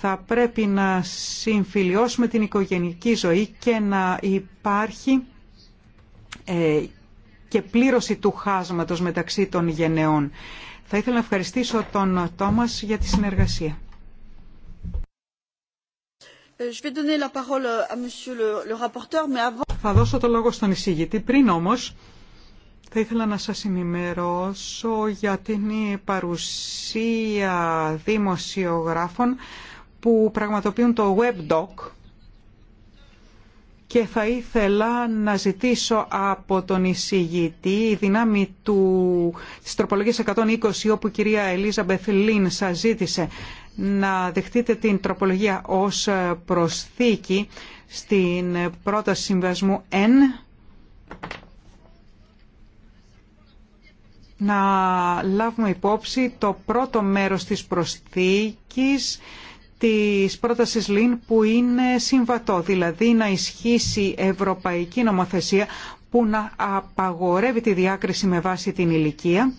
θα πρέπει να συμφιλιώσουμε την οικογενική ζωή και να υπάρχει ε, και πλήρωση του χάσματος μεταξύ των γενεών. Θα ήθελα να ευχαριστήσω τον Τόμας για τη συνεργασία. Θα δώσω το λόγο στον εισηγητή. Πριν όμως, θα ήθελα να σας ενημερώσω για την παρουσία δημοσιογράφων που πραγματοποιούν το WebDoc και θα ήθελα να ζητήσω από τον εισηγητή η δυνάμη του, της τροπολογίας 120 όπου η κυρία Ελίζα Μπεθλίν σας ζήτησε να δεχτείτε την τροπολογία ως προσθήκη στην πρόταση συμβασμού N να λάβουμε υπόψη το πρώτο μέρος της προσθήκης της πρότασης ΛΙΝ που είναι συμβατό, δηλαδή να ισχύσει ευρωπαϊκή νομοθεσία που να απαγορεύει τη διάκριση με βάση την ηλικία.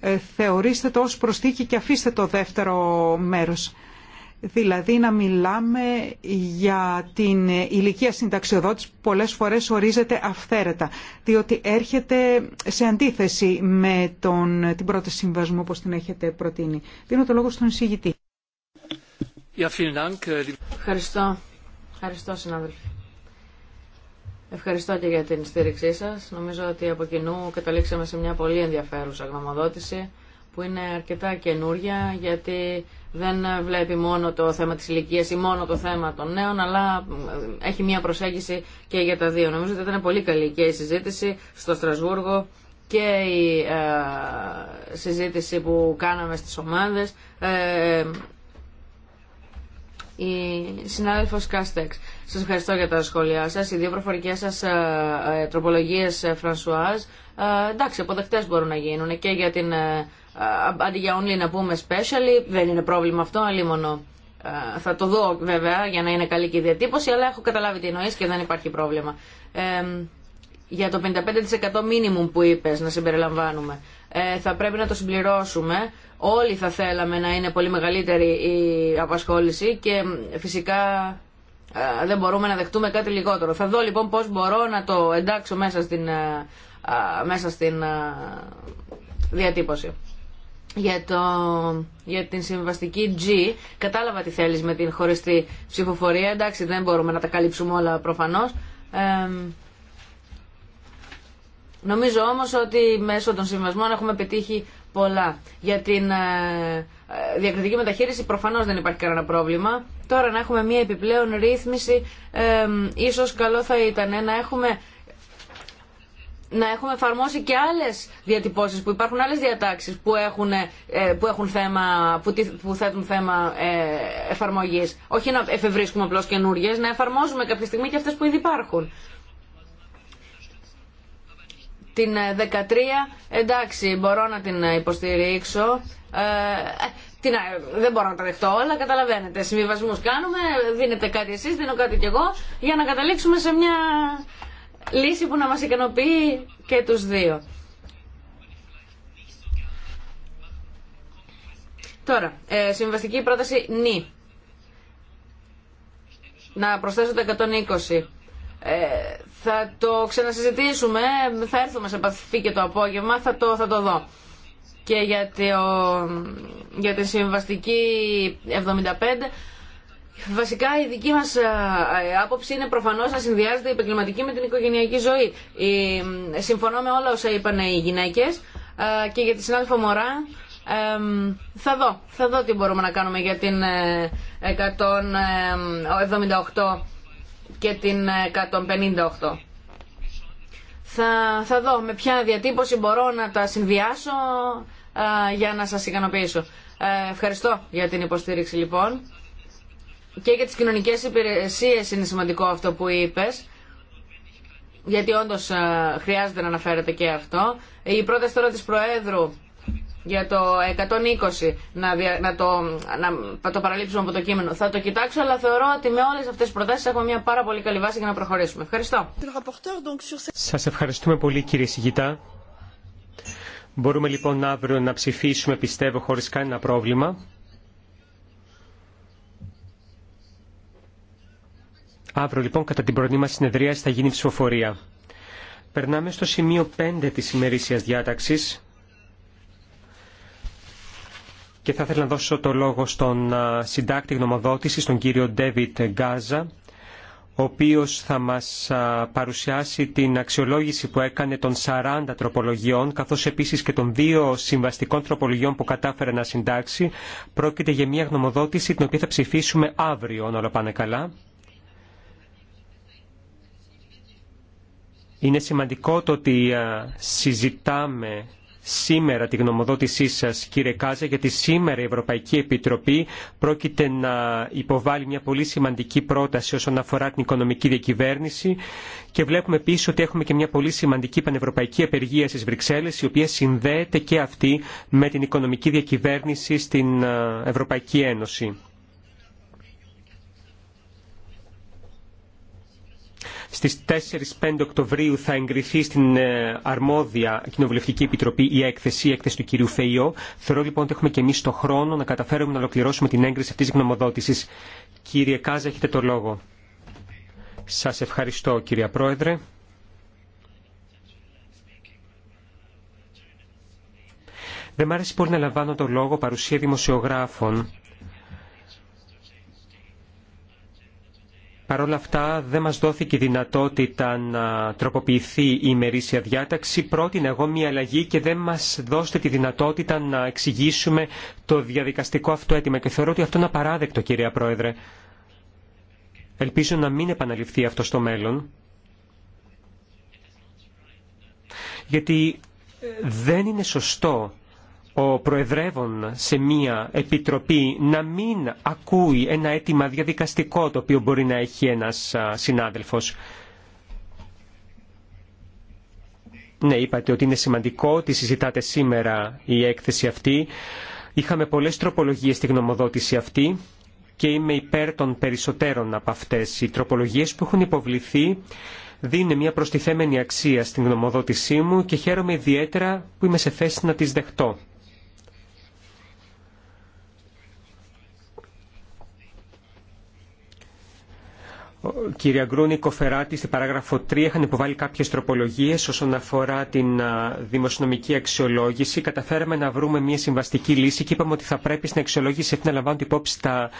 Ε, θεωρήστε το ως προσθήκη και αφήστε το δεύτερο μέρος. Δηλαδή να μιλάμε για την ηλικία συνταξιοδότης που πολλές φορές ορίζεται αυθαίρετα, διότι έρχεται σε αντίθεση με τον, την πρώτη συμβασμό όπως την έχετε προτείνει. Δίνω το λόγο στον εισηγητή. Äh, Ευχαριστώ. Ευχαριστώ, συνάδελφοι. Ευχαριστώ και για την στήριξή σας. Νομίζω ότι από κοινού καταλήξαμε σε μια πολύ ενδιαφέρουσα γνωμοδότηση που είναι αρκετά καινούρια γιατί δεν βλέπει μόνο το θέμα της ηλικία ή μόνο το θέμα των νέων αλλά ε, έχει μια προσέγγιση και για τα δύο. Νομίζω ότι ήταν πολύ καλή και η συζήτηση στο Στρασβούργο και η ε, συζήτηση που κάναμε στις ομάδες. Ε, η συνάδελφος Κάστεξ. Σας ευχαριστώ για τα σχόλιά σας. Οι δύο προφορικές σας ε, ε, τροπολογίες, ε, Φρανσουάζ, εντάξει, αποδεκτές μπορούν να γίνουν και για την, αντί για only να πούμε specially, δεν είναι πρόβλημα αυτό, αλίμονο. Θα το δω βέβαια για να είναι καλή και η διατύπωση, αλλά έχω καταλάβει τι εννοείς και δεν υπάρχει πρόβλημα. για το 55% minimum που είπες να συμπεριλαμβάνουμε. θα πρέπει να το συμπληρώσουμε Όλοι θα θέλαμε να είναι πολύ μεγαλύτερη η απασχόληση και φυσικά δεν μπορούμε να δεχτούμε κάτι λιγότερο. Θα δω λοιπόν πώς μπορώ να το εντάξω μέσα στην, μέσα στην διατύπωση. Για, το, για την συμβαστική G, κατάλαβα τι θέλεις με την χωριστή ψηφοφορία. Εντάξει, δεν μπορούμε να τα καλύψουμε όλα προφανώς. νομίζω όμως ότι μέσω των συμβασμών έχουμε πετύχει πολλά. Για την ε, ε, διακριτική μεταχείριση προφανώς δεν υπάρχει κανένα πρόβλημα. Τώρα να έχουμε μία επιπλέον ρύθμιση, ε, ίσως καλό θα ήταν ε, να έχουμε να έχουμε εφαρμόσει και άλλε διατυπώσει που υπάρχουν, άλλε διατάξει που, έχουν, που, έχουν θέμα, που, που θέτουν θέμα ε, εφαρμογή. Όχι να εφευρίσκουμε απλώ καινούριε, να εφαρμόζουμε κάποια στιγμή και αυτέ που ήδη υπάρχουν. Την 13 ε, εντάξει μπορώ να την ε, υποστηρίξω. Ε, ε την, δεν μπορώ να τα δεχτώ όλα, καταλαβαίνετε. Συμβιβασμού κάνουμε, δίνετε κάτι εσεί, δίνω κάτι κι εγώ, για να καταλήξουμε σε μια λύση που να μας ικανοποιεί και τους δύο. Τώρα, ε, συμβαστική πρόταση νη. Να προσθέσω τα 120. Ε, θα το ξανασυζητήσουμε, θα έρθουμε σε επαφή και το απόγευμα, θα το, θα το δω. Και για, το, για τη συμβαστική 75, Βασικά η δική μας ε, άποψη είναι προφανώς να συνδυάζεται η επαγγελματική με την οικογενειακή ζωή. συμφωνώ με όλα όσα είπαν οι γυναίκες ε, και για τη συνάδελφο Μωρά ε, θα δω, θα δω τι μπορούμε να κάνουμε για την 178 και την 158. Θα, θα δω με ποια διατύπωση μπορώ να τα συνδυάσω ε, για να σας ικανοποιήσω. Ε, ευχαριστώ για την υποστήριξη λοιπόν. Και για τις κοινωνικές υπηρεσίες είναι σημαντικό αυτό που είπες γιατί όντως ε, χρειάζεται να αναφέρεται και αυτό. Η πρώτη τώρα της Προέδρου για το 120 να, να, το, να το παραλείψουμε από το κείμενο. Θα το κοιτάξω, αλλά θεωρώ ότι με όλες αυτές τις προτάσεις έχουμε μια πάρα πολύ καλή βάση για να προχωρήσουμε. Ευχαριστώ. Σα ευχαριστούμε πολύ κύριε Σιγητά. Μπορούμε λοιπόν αύριο να ψηφίσουμε, πιστεύω, χωρίς κανένα πρόβλημα. Αύριο λοιπόν κατά την πρωινή μας συνεδρία θα γίνει ψηφοφορία. Περνάμε στο σημείο 5 της ημερήσιας διάταξης και θα ήθελα να δώσω το λόγο στον συντάκτη γνωμοδότηση, τον κύριο Ντέβιτ Γκάζα, ο οποίος θα μας παρουσιάσει την αξιολόγηση που έκανε των 40 τροπολογιών, καθώς επίσης και των δύο συμβαστικών τροπολογιών που κατάφερε να συντάξει. Πρόκειται για μια γνωμοδότηση την οποία θα ψηφίσουμε αύριο, αν όλα πάνε καλά. Είναι σημαντικό το ότι συζητάμε σήμερα τη γνωμοδότησή σας κύριε Κάζα γιατί σήμερα η Ευρωπαϊκή Επιτροπή πρόκειται να υποβάλει μια πολύ σημαντική πρόταση όσον αφορά την οικονομική διακυβέρνηση και βλέπουμε επίσης ότι έχουμε και μια πολύ σημαντική πανευρωπαϊκή απεργία στις Βρυξέλλες η οποία συνδέεται και αυτή με την οικονομική διακυβέρνηση στην ε, Ευρωπαϊκή Ένωση. στις 4-5 Οκτωβρίου θα εγκριθεί στην ε, αρμόδια Κοινοβουλευτική Επιτροπή η έκθεση, η έκθεση του κυρίου Φεϊό. Θεωρώ λοιπόν ότι έχουμε και εμείς το χρόνο να καταφέρουμε να ολοκληρώσουμε την έγκριση αυτής της γνωμοδότησης. Κύριε Κάζα, έχετε το λόγο. Σας ευχαριστώ κύριε Πρόεδρε. Δεν μ' άρεσε πολύ να λαμβάνω το λόγο παρουσία δημοσιογράφων Παρ' όλα αυτά δεν μας δόθηκε η δυνατότητα να τροποποιηθεί η ημερήσια διάταξη. Πρότεινα εγώ μια αλλαγή και δεν μας δώστε τη δυνατότητα να εξηγήσουμε το διαδικαστικό αυτό αίτημα. Και θεωρώ ότι αυτό είναι απαράδεκτο κυρία Πρόεδρε. Ελπίζω να μην επαναληφθεί αυτό στο μέλλον. Γιατί δεν είναι σωστό ο Προεδρεύων σε μία επιτροπή να μην ακούει ένα αίτημα διαδικαστικό το οποίο μπορεί να έχει ένας συνάδελφος. Ναι, είπατε ότι είναι σημαντικό ότι συζητάτε σήμερα η έκθεση αυτή. Είχαμε πολλές τροπολογίες στη γνωμοδότηση αυτή και είμαι υπέρ των περισσότερων από αυτές. Οι τροπολογίες που έχουν υποβληθεί δίνουν μια προστιθέμενη αξία στην γνωμοδότησή μου και χαίρομαι ιδιαίτερα που είμαι σε θέση να τις δεχτώ. κυρία Γκρούνη Κοφεράτη στην παράγραφο 3 είχαν υποβάλει κάποιε τροπολογίε όσον αφορά την δημοσιονομική αξιολόγηση. Καταφέραμε να βρούμε μια συμβαστική λύση και είπαμε ότι θα πρέπει στην αξιολόγηση αυτή να λαμβάνουν υπόψη τα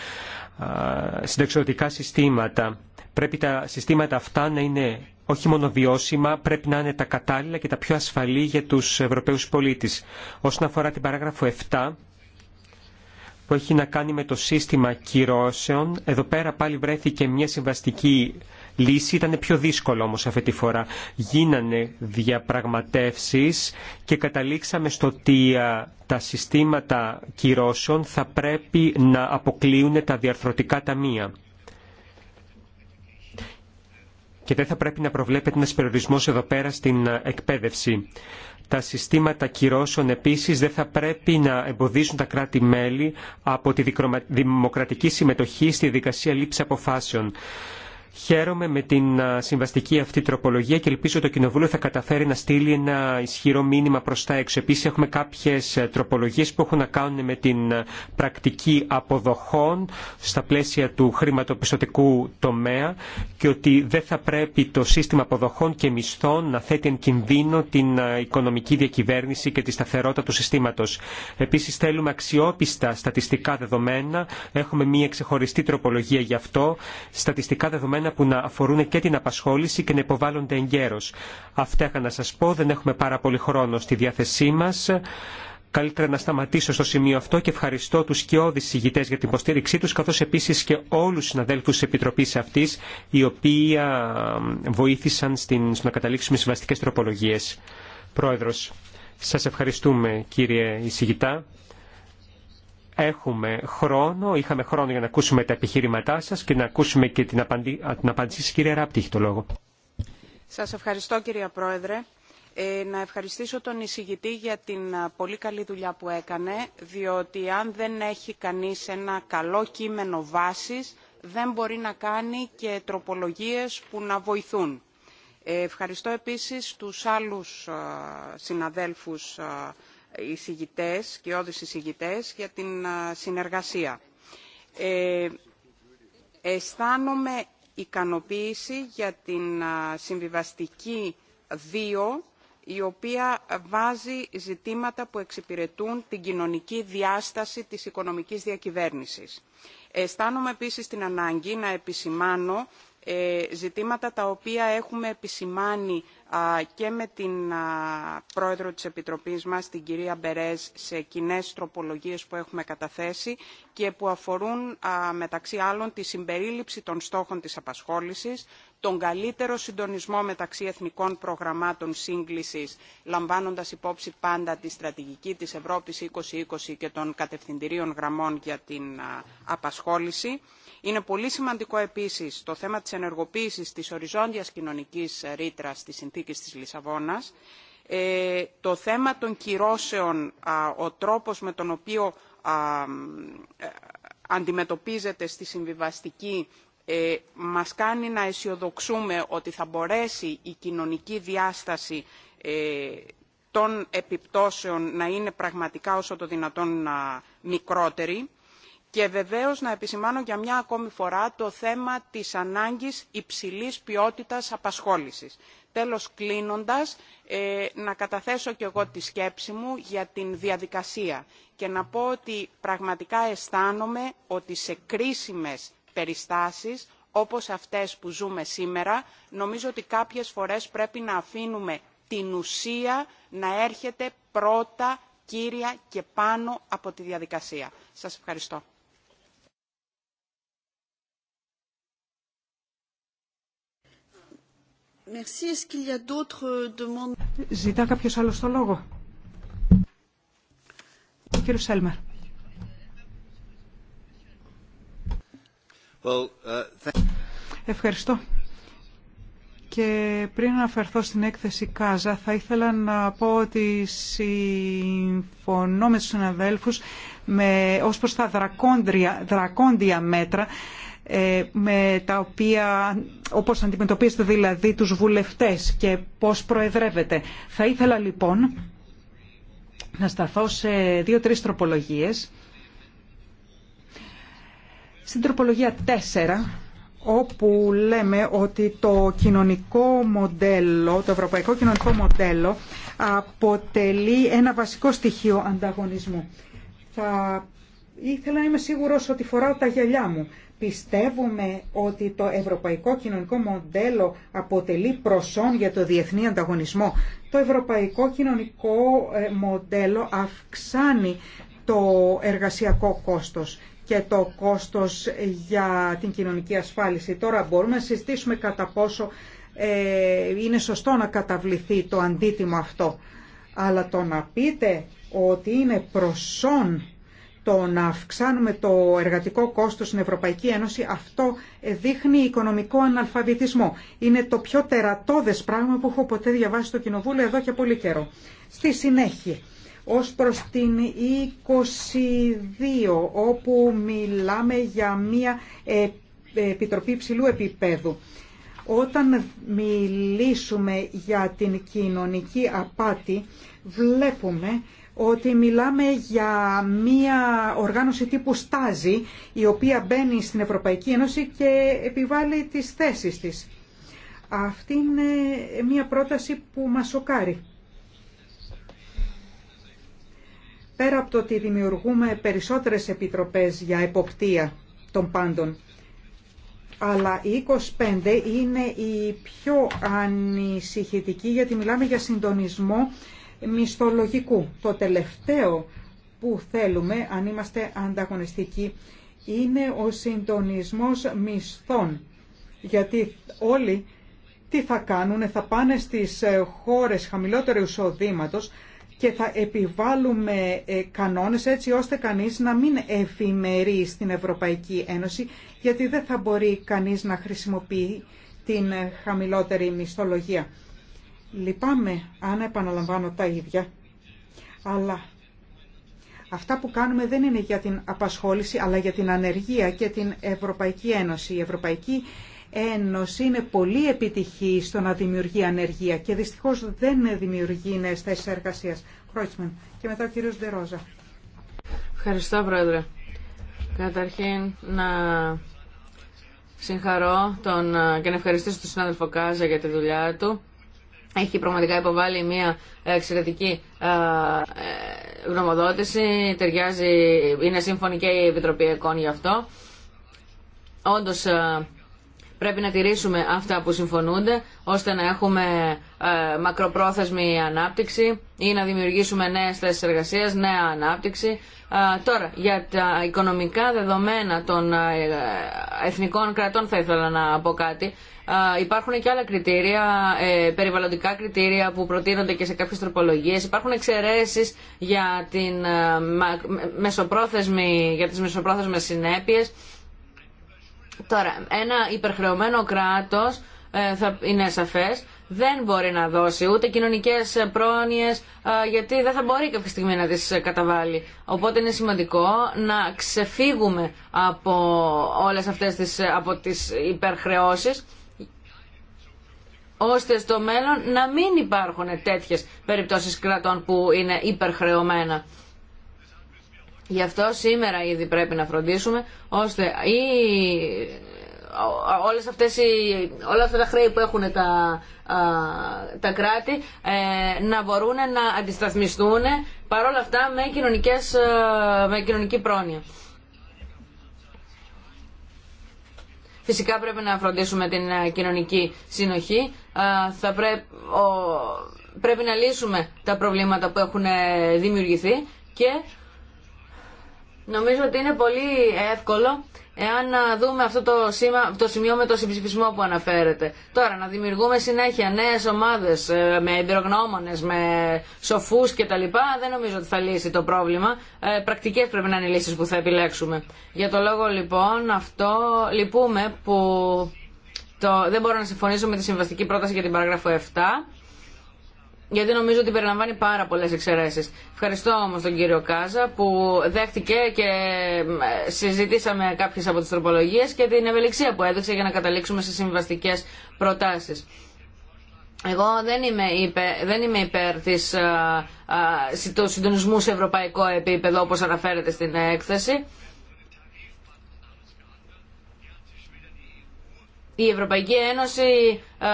συνταξιδοτικά συστήματα. Πρέπει τα συστήματα αυτά να είναι όχι μόνο βιώσιμα, πρέπει να είναι τα κατάλληλα και τα πιο ασφαλή για του Ευρωπαίου πολίτες. Όσον αφορά την παράγραφο 7, που έχει να κάνει με το σύστημα κυρώσεων. Εδώ πέρα πάλι βρέθηκε μια συμβαστική λύση, ήταν πιο δύσκολο όμως αυτή τη φορά. Γίνανε διαπραγματεύσεις και καταλήξαμε στο ότι τα συστήματα κυρώσεων θα πρέπει να αποκλείουν τα διαρθρωτικά ταμεία και δεν θα πρέπει να προβλέπεται ένα περιορισμό εδώ πέρα στην ε, εκπαίδευση. Τα συστήματα κυρώσεων επίσης δεν θα πρέπει να εμποδίζουν τα κράτη-μέλη από τη δημοκρατική συμμετοχή στη δικασία λήψη αποφάσεων. Χαίρομαι με την συμβαστική αυτή τροπολογία και ελπίζω το Κοινοβούλιο θα καταφέρει να στείλει ένα ισχυρό μήνυμα προ τα έξω. Επίση, έχουμε κάποιε τροπολογίε που έχουν να κάνουν με την ε, πρακτική αποδοχών στα πλαίσια του χρηματοπιστωτικού τομέα και ότι δεν θα πρέπει το σύστημα αποδοχών και μισθών να θέτει εν κινδύνο την ε, οικονομική διακυβέρνηση και τη σταθερότητα του συστήματο. Επίση, θέλουμε αξιόπιστα στατιστικά δεδομένα. Έχουμε μία ξεχωριστή τροπολογία γι' αυτό. Στατιστικά δεδομένα που να αφορούν και την απασχόληση και να υποβάλλονται εγκαίρως. Αυτά είχα να σας πω, δεν έχουμε πάρα πολύ χρόνο στη διάθεσή μας. Καλύτερα να σταματήσω στο σημείο αυτό και ευχαριστώ τους και ηγητές για την υποστήριξή τους, καθώς επίσης και όλους τους συναδέλφους της Επιτροπής αυτής, οι οποίοι βοήθησαν στην, στο να καταλήξουμε συμβαστικές τροπολογίες. Πρόεδρος, σας ευχαριστούμε κύριε εισηγητά. Έχουμε χρόνο, είχαμε χρόνο για να ακούσουμε τα επιχείρηματά σας και να ακούσουμε και την, απαντή, την απάντησή Κύριε Ράπτη, έχει το λόγο. Σας ευχαριστώ κύριε Πρόεδρε. Ε, να ευχαριστήσω τον εισηγητή για την πολύ καλή δουλειά που έκανε, διότι αν δεν έχει κανείς ένα καλό κείμενο βάσης, δεν μπορεί να κάνει και τροπολογίες που να βοηθούν. Ε, ευχαριστώ επίσης τους άλλους συναδέλφους και όδους εισηγητές για την συνεργασία. Ε, αισθάνομαι ικανοποίηση για την συμβιβαστική δύο η οποία βάζει ζητήματα που εξυπηρετούν την κοινωνική διάσταση της οικονομικής διακυβέρνησης. Αισθάνομαι επίσης την ανάγκη να επισημάνω ε, ζητήματα τα οποία έχουμε επισημάνει και με την πρόεδρο της Επιτροπής μας, την κυρία Μπερές, σε κοινέ τροπολογίες που έχουμε καταθέσει και που αφορούν μεταξύ άλλων τη συμπερίληψη των στόχων της απασχόλησης, τον καλύτερο συντονισμό μεταξύ εθνικών προγραμμάτων σύγκλησης, λαμβάνοντας υπόψη πάντα τη στρατηγική της Ευρώπης 2020 και των κατευθυντηρίων γραμμών για την απασχόληση, είναι πολύ σημαντικό επίσης το θέμα της ενεργοποίησης της οριζόντιας κοινωνικής ρήτρας της συνθήκη της λισαβόνας ε, το θέμα των κυρώσεων ο τρόπος με τον οποίο ε, αντιμετωπίζεται στη συμβιβαστική ε, μας κάνει να αισιοδοξούμε ότι θα μπορέσει η κοινωνική διάσταση των επιπτώσεων να είναι πραγματικά όσο το δυνατόν μικρότερη και βεβαίως να επισημάνω για μια ακόμη φορά το θέμα της ανάγκης υψηλής ποιότητας απασχόλησης. Τέλος κλείνοντας, ε, να καταθέσω και εγώ τη σκέψη μου για την διαδικασία και να πω ότι πραγματικά αισθάνομαι ότι σε κρίσιμες περιστάσεις όπως αυτές που ζούμε σήμερα, νομίζω ότι κάποιες φορές πρέπει να αφήνουμε την ουσία να έρχεται πρώτα, κύρια και πάνω από τη διαδικασία. Σας ευχαριστώ. Euh, Ζητά κάποιος άλλος το λόγο. Κύριο Έλμερ. Uh, Ευχαριστώ. Και πριν αναφερθώ στην έκθεση Κάζα, θα ήθελα να πω ότι συμφωνώ με τους συναδέλφους με, ως προς τα δρακόντια μέτρα ε, με τα οποία, όπως αντιμετωπίζετε δηλαδή τους βουλευτές και πώς προεδρεύετε. Θα ήθελα λοιπόν να σταθώ σε δύο-τρεις τροπολογίες. Στην τροπολογία 4 όπου λέμε ότι το κοινωνικό μοντέλο, το ευρωπαϊκό κοινωνικό μοντέλο αποτελεί ένα βασικό στοιχείο ανταγωνισμού. Θα ήθελα να είμαι σίγουρος ότι φοράω τα γυαλιά μου. Πιστεύουμε ότι το ευρωπαϊκό κοινωνικό μοντέλο αποτελεί προσόν για το διεθνή ανταγωνισμό. Το ευρωπαϊκό κοινωνικό ε, μοντέλο αυξάνει το εργασιακό κόστος και το κόστος για την κοινωνική ασφάλιση. Τώρα μπορούμε να συζητήσουμε κατά πόσο ε, είναι σωστό να καταβληθεί το αντίτιμο αυτό. Αλλά το να πείτε ότι είναι προσόν το να αυξάνουμε το εργατικό κόστος στην Ευρωπαϊκή Ένωση, αυτό δείχνει οικονομικό αναλφαβητισμό. Είναι το πιο τερατώδες πράγμα που έχω ποτέ διαβάσει στο Κοινοβούλιο εδώ και πολύ καιρό. Στη συνέχεια, ως προς την 22, όπου μιλάμε για μια ε, επιτροπή ψηλού επίπεδου. Όταν μιλήσουμε για την κοινωνική απάτη, βλέπουμε ότι μιλάμε για μία οργάνωση τύπου στάζη η οποία μπαίνει στην Ευρωπαϊκή Ένωση και επιβάλλει τις θέσεις της. Αυτή είναι μία πρόταση που μας σοκάρει. Πέρα από το ότι δημιουργούμε περισσότερες επιτροπές για εποπτεία των πάντων, αλλά η 25 είναι η πιο ανησυχητική γιατί μιλάμε για συντονισμό μισθολογικού. Το τελευταίο που θέλουμε, αν είμαστε ανταγωνιστικοί, είναι ο συντονισμός μισθών. Γιατί όλοι τι θα κάνουν, θα πάνε στις ε, χώρες χαμηλότερου εισοδήματο και θα επιβάλλουμε ε, κανόνες έτσι ώστε κανείς να μην εφημερεί στην Ευρωπαϊκή Ένωση γιατί δεν θα μπορεί κανείς να χρησιμοποιεί την ε, χαμηλότερη μισθολογία. Λυπάμαι αν επαναλαμβάνω τα ίδια, αλλά αυτά που κάνουμε δεν είναι για την απασχόληση, αλλά για την ανεργία και την Ευρωπαϊκή Ένωση. Η Ευρωπαϊκή Ένωση είναι πολύ επιτυχή στο να δημιουργεί ανεργία και δυστυχώς δεν δημιουργεί νέες θέσεις εργασίας. Κρότσμαν. Και μετά ο κύριο Ντερόζα. Ευχαριστώ, Πρόεδρε. Καταρχήν, να συγχαρώ τον... Ε, και να ευχαριστήσω τον συνάδελφο Κάζα για τη δουλειά του έχει πραγματικά υποβάλει μια εξαιρετική ε, γνωμοδότηση, ταιριάζει, είναι σύμφωνη και η Επιτροπή Εκών γι' αυτό. Όντως ε, πρέπει να τηρήσουμε αυτά που συμφωνούνται, ώστε να έχουμε ε, μακροπρόθεσμη ανάπτυξη ή να δημιουργήσουμε νέες θέσεις εργασίας, νέα ανάπτυξη Τώρα, για τα οικονομικά δεδομένα των ε, εθνικών κρατών θα ήθελα να πω κάτι. Υπάρχουν και άλλα κριτήρια, ε, περιβαλλοντικά κριτήρια που προτείνονται και σε κάποιες τροπολογίες. Υπάρχουν εξαιρέσεις για, την, μεσοπρόθεσμη, για τις μεσοπρόθεσμες συνέπειες. Τώρα, ένα υπερχρεωμένο κράτος ε, θα είναι σαφές δεν μπορεί να δώσει ούτε κοινωνικέ πρόνοιες γιατί δεν θα μπορεί κάποια στιγμή να τις καταβάλει. Οπότε είναι σημαντικό να ξεφύγουμε από όλες αυτές τις, από τις υπερχρεώσεις ώστε στο μέλλον να μην υπάρχουν τέτοιες περιπτώσεις κρατών που είναι υπερχρεωμένα. Γι' αυτό σήμερα ήδη πρέπει να φροντίσουμε ώστε οι όλες αυτές οι, όλα αυτά τα χρέη που έχουν τα, τα κράτη ε, να μπορούν να αντισταθμιστούν παρόλα αυτά με, κοινωνικές, ε, με κοινωνική πρόνοια. Φυσικά πρέπει να φροντίσουμε την ε, κοινωνική συνοχή. Θα Πρέπει να λύσουμε τα προβλήματα που έχουν δημιουργηθεί και Νομίζω ότι είναι πολύ εύκολο εάν δούμε αυτό το, σήμα, το σημείο με το συμψηφισμό που αναφέρεται. Τώρα, να δημιουργούμε συνέχεια νέες ομάδες ε, με εμπειρογνώμονες, με σοφούς κτλ. δεν νομίζω ότι θα λύσει το πρόβλημα. Ε, πρακτικές πρέπει να είναι οι λύσεις που θα επιλέξουμε. Για το λόγο λοιπόν αυτό λυπούμε που το, δεν μπορώ να συμφωνήσω με τη συμβαστική πρόταση για την παράγραφο 7 γιατί νομίζω ότι περιλαμβάνει πάρα πολλές εξαιρέσεις. Ευχαριστώ όμως τον κύριο Κάζα που δέχτηκε και συζητήσαμε κάποιες από τις τροπολογίες και την ευελιξία που έδειξε για να καταλήξουμε σε συμβαστικές προτάσεις. Εγώ δεν είμαι υπέρ, δεν είμαι υπέρ της, του συντονισμού σε ευρωπαϊκό επίπεδο όπως αναφέρεται στην έκθεση. η Ευρωπαϊκή Ένωση ε,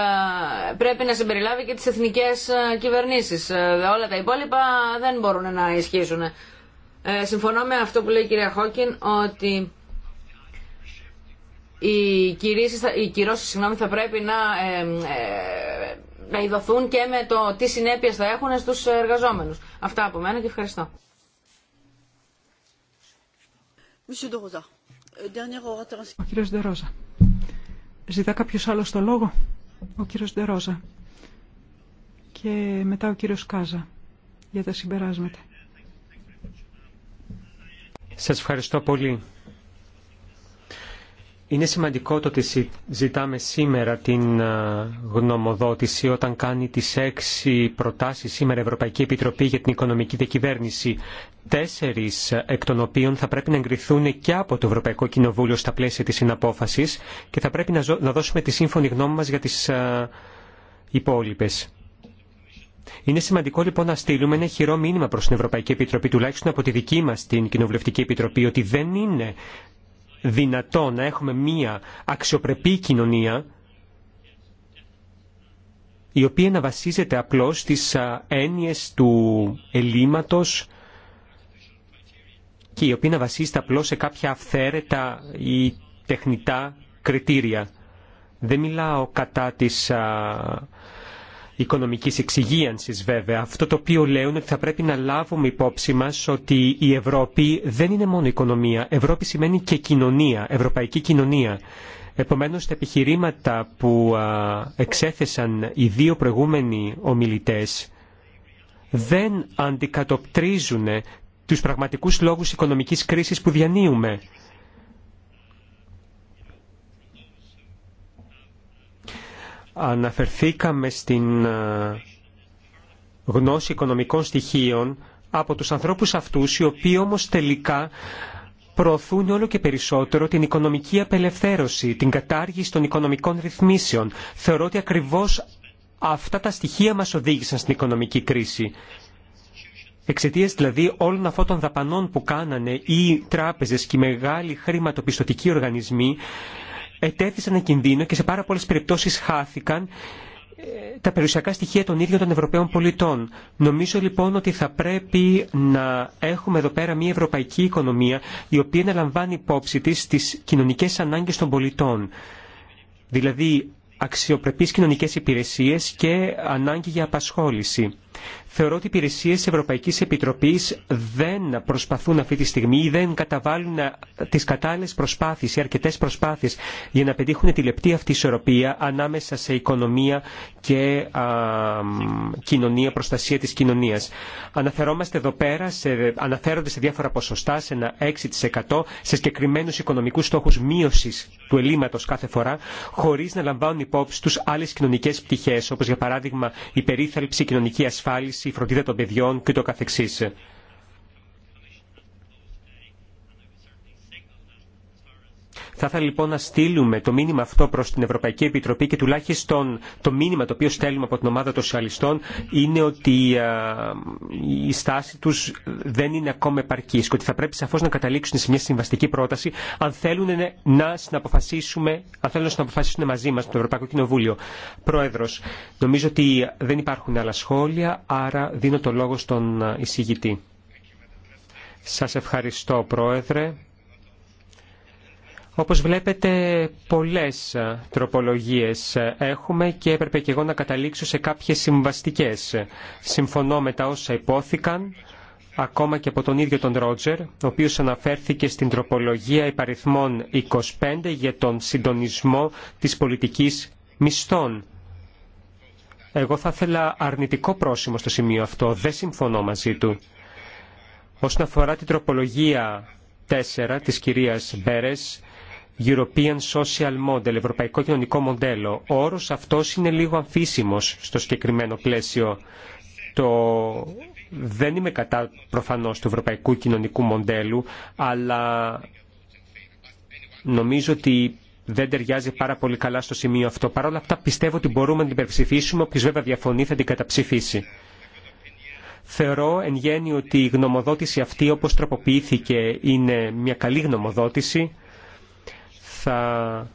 πρέπει να συμπεριλάβει και τις εθνικές ε, κυβερνήσεις. Ε, όλα τα υπόλοιπα δεν μπορούν να ισχύσουν. Συμφωνώ με αυτό που λέει η κυρία Χόκκιν ότι οι, κυρίσεις, κυρώσεις συγγνώμη, θα πρέπει να, να ειδωθούν και με το τι συνέπειες θα έχουν στους εργαζόμενους. Αυτά από μένα και ευχαριστώ. Ο Ντερόζα. Ζητά κάποιο άλλο το λόγο. Ο κύριος Ντερόζα. Και μετά ο κύριος Κάζα για τα συμπεράσματα. Σας ευχαριστώ πολύ. Είναι σημαντικό το ότι ζητάμε σήμερα την ε, γνωμοδότηση όταν κάνει τις έξι προτάσεις σήμερα η Ευρωπαϊκή Επιτροπή για την Οικονομική Διακυβέρνηση. Τέσσερις εκ των οποίων θα πρέπει να εγκριθούν και από το Ευρωπαϊκό Κοινοβούλιο στα πλαίσια της συναπόφασης και θα πρέπει να δώσουμε τη σύμφωνη γνώμη μας για τις ε, υπόλοιπε. Είναι σημαντικό λοιπόν να στείλουμε ένα χειρό μήνυμα προ την Ευρωπαϊκή Επιτροπή, τουλάχιστον από τη δική μα την Κοινοβουλευτική Επιτροπή, ότι δεν είναι δυνατό να έχουμε μία αξιοπρεπή κοινωνία η οποία να βασίζεται απλώς στις έννοιες του ελλείμματος και η οποία να βασίζεται απλώς σε κάποια αυθαίρετα ή τεχνητά κριτήρια. Δεν μιλάω κατά της οικονομικής εξυγίανσης βέβαια. Αυτό το οποίο λέουν ότι θα πρέπει να λάβουμε υπόψη μας ότι η Ευρώπη δεν είναι μόνο οικονομία. Ευρώπη σημαίνει και κοινωνία, ευρωπαϊκή κοινωνία. Επομένως τα επιχειρήματα που εξέθεσαν οι δύο προηγούμενοι ομιλητές δεν αντικατοπτρίζουν τους πραγματικούς λόγους οικονομικής κρίσης που διανύουμε. αναφερθήκαμε στην ε, γνώση οικονομικών στοιχείων από τους ανθρώπους αυτούς, οι οποίοι όμως τελικά προωθούν όλο και περισσότερο την οικονομική απελευθέρωση, την κατάργηση των οικονομικών ρυθμίσεων. Θεωρώ ότι ακριβώς αυτά τα στοιχεία μας οδήγησαν στην οικονομική κρίση. Εξαιτία δηλαδή όλων αυτών των δαπανών που κάνανε οι τράπεζες και οι μεγάλοι χρηματοπιστωτικοί οργανισμοί, ετέθησαν κινδύνο και σε πάρα πολλές περιπτώσεις χάθηκαν ε, τα περιουσιακά στοιχεία των ίδιων των Ευρωπαίων πολιτών. Νομίζω λοιπόν ότι θα πρέπει να έχουμε εδώ πέρα μια ευρωπαϊκή οικονομία η οποία να λαμβάνει υπόψη της τις κοινωνικές ανάγκες των πολιτών. Δηλαδή αξιοπρεπείς κοινωνικές υπηρεσίες και ανάγκη για απασχόληση. Θεωρώ ότι οι υπηρεσίε τη Ευρωπαϊκή Επιτροπή δεν προσπαθούν αυτή τη στιγμή ή δεν καταβάλουν ε, τι κατάλληλε προσπάθειε ή αρκετέ προσπάθειε για να πετύχουν τη λεπτή αυτή ισορροπία ανάμεσα σε οικονομία και κοινωνία, προστασία τη κοινωνία. Αναφερόμαστε εδώ πέρα, σε, αναφέρονται σε διάφορα ποσοστά, σε ένα 6%, σε συγκεκριμένου οικονομικού στόχου μείωση του ελλείμματο κάθε φορά, χωρί να λαμβάνουν υπόψη του άλλε κοινωνικέ πτυχέ, όπω για παράδειγμα η περίθαλψη, κοινωνική ασφάλιση, η φροντίδα των παιδιών κ.ο.κ. Θα ήθελα λοιπόν να στείλουμε το μήνυμα αυτό προς την Ευρωπαϊκή Επιτροπή και τουλάχιστον το μήνυμα το οποίο στέλνουμε από την ομάδα των σοσιαλιστών είναι ότι η στάση τους δεν είναι ακόμα επαρκή και ότι θα πρέπει σαφώς να καταλήξουν σε μια συμβαστική πρόταση αν θέλουν να συναποφασίσουμε, αν θέλουν να συναποφασίσουν μαζί μας το Ευρωπαϊκό Κοινοβούλιο. Πρόεδρος, νομίζω ότι δεν υπάρχουν άλλα σχόλια, άρα δίνω το λόγο στον εισηγητή. Σας ευχαριστώ, Πρόεδρε. Όπως βλέπετε πολλές ε, τροπολογίες ε, έχουμε και έπρεπε και εγώ να καταλήξω σε κάποιες συμβαστικές. Συμφωνώ με τα όσα υπόθηκαν, ακόμα και από τον ίδιο τον Ρότζερ, ο οποίος αναφέρθηκε στην τροπολογία υπαριθμών 25 για τον συντονισμό της πολιτικής μισθών. Εγώ θα ήθελα αρνητικό πρόσημο στο σημείο αυτό, δεν συμφωνώ μαζί του. Όσον αφορά την τροπολογία 4 της κυρίας Μπέρες, European Social Model, Ευρωπαϊκό Κοινωνικό Μοντέλο. Ο όρος αυτός είναι λίγο αμφίσιμος στο συγκεκριμένο πλαίσιο. Το... Δεν είμαι κατά προφανώς του Ευρωπαϊκού Κοινωνικού Μοντέλου, αλλά νομίζω ότι δεν ταιριάζει πάρα πολύ καλά στο σημείο αυτό. Παρ' όλα αυτά πιστεύω ότι μπορούμε να την υπερψηφίσουμε, όποιος βέβαια διαφωνεί θα την καταψηφίσει. Θεωρώ εν γέννη ότι η γνωμοδότηση αυτή όπως τροποποιήθηκε είναι μια καλή γνωμοδότηση θα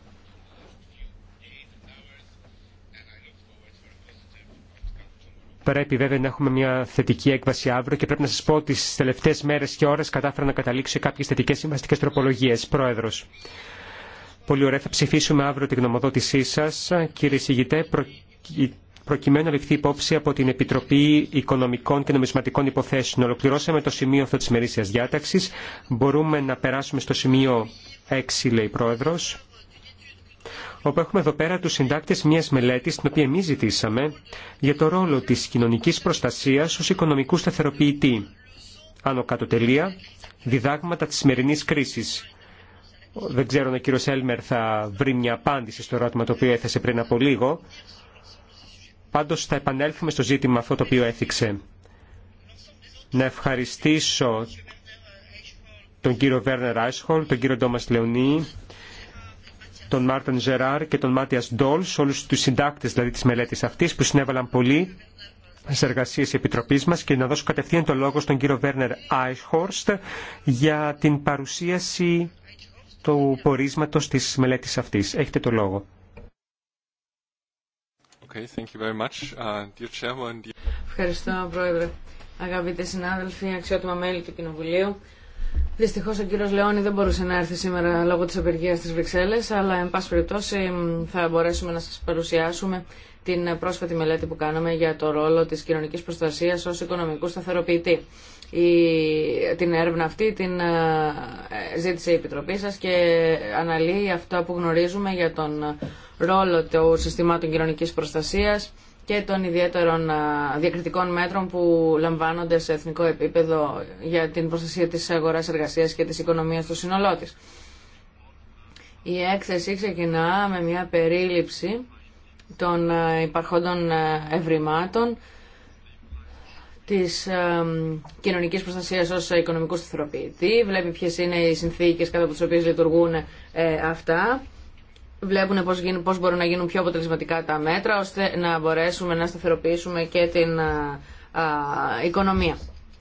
Πρέπει βέβαια να έχουμε μια θετική έκβαση αύριο και πρέπει να σας πω ότι στι τελευταίε μέρε και ώρες κατάφερα να καταλήξω σε κάποιε θετικέ συμβαστικέ τροπολογίε. Πρόεδρο. Πολύ ωραία. Θα ψηφίσουμε αύριο τη γνωμοδότησή σας. Κύριε Σιγητέ, προκειμένου να ληφθεί υπόψη από την Επιτροπή Οικονομικών και Νομισματικών Υποθέσεων. Ολοκληρώσαμε το σημείο αυτό τη μερίσια διάταξη. Μπορούμε να περάσουμε στο σημείο 6 λέει πρόεδρο, όπου έχουμε εδώ πέρα του συντάκτε μιας μελέτης την οποία εμεί ζητήσαμε για το ρόλο της κοινωνικής προστασίας ως οικονομικού σταθεροποιητή. Άνω κάτω τελεία, διδάγματα της σημερινή κρίσης. Δεν ξέρω αν ο κύριος Έλμερ θα βρει μια απάντηση στο ερώτημα το οποίο έθεσε πριν από λίγο. Πάντως θα επανέλθουμε στο ζήτημα αυτό το οποίο έθιξε. Να ευχαριστήσω τον κύριο Βέρνερ Άισχολ, τον κύριο Ντόμας Λεωνί, τον Μάρτιν Ζεράρ και τον Μάτια Ντόλ, όλου του συντάκτε δηλαδή τη μελέτη αυτή που συνέβαλαν πολύ στι εργασίε τη Επιτροπή μα και να δώσω κατευθείαν το λόγο στον κύριο Βέρνερ Άιχορστ για την παρουσίαση του πορίσματο τη μελέτη αυτή. Έχετε το λόγο. Okay, thank you very much. Uh, dear chairman, dear... Ευχαριστώ, Πρόεδρε. Αγαπητοί συνάδελφοι, αξιότιμα μέλη του Κοινοβουλίου, Δυστυχώ ο κύριο Λεόνι δεν μπορούσε να έρθει σήμερα λόγω τη απεργία τη Βρυξέλλε, αλλά εν πάση περιπτώσει θα μπορέσουμε να σα παρουσιάσουμε την πρόσφατη μελέτη που κάναμε για το ρόλο τη κοινωνική προστασία ω οικονομικού σταθεροποιητή. την έρευνα αυτή την ε, ζήτησε η Επιτροπή σας και αναλύει αυτά που γνωρίζουμε για τον ρόλο του συστημάτων κοινωνικής προστασίας και των ιδιαίτερων διακριτικών μέτρων που λαμβάνονται σε εθνικό επίπεδο για την προστασία της αγοράς εργασίας και της οικονομίας του σύνολό της. Η έκθεση ξεκινά με μια περίληψη των υπαρχόντων ευρημάτων της κοινωνικής προστασίας ως οικονομικού σταθεροποιητή, βλέπει ποιες είναι οι συνθήκες κατά τις οποίες λειτουργούν ε, αυτά βλέπουν πώς, πώς μπορούν να γίνουν πιο αποτελεσματικά τα μέτρα ώστε να μπορέσουμε να σταθεροποιήσουμε και την α, οικονομία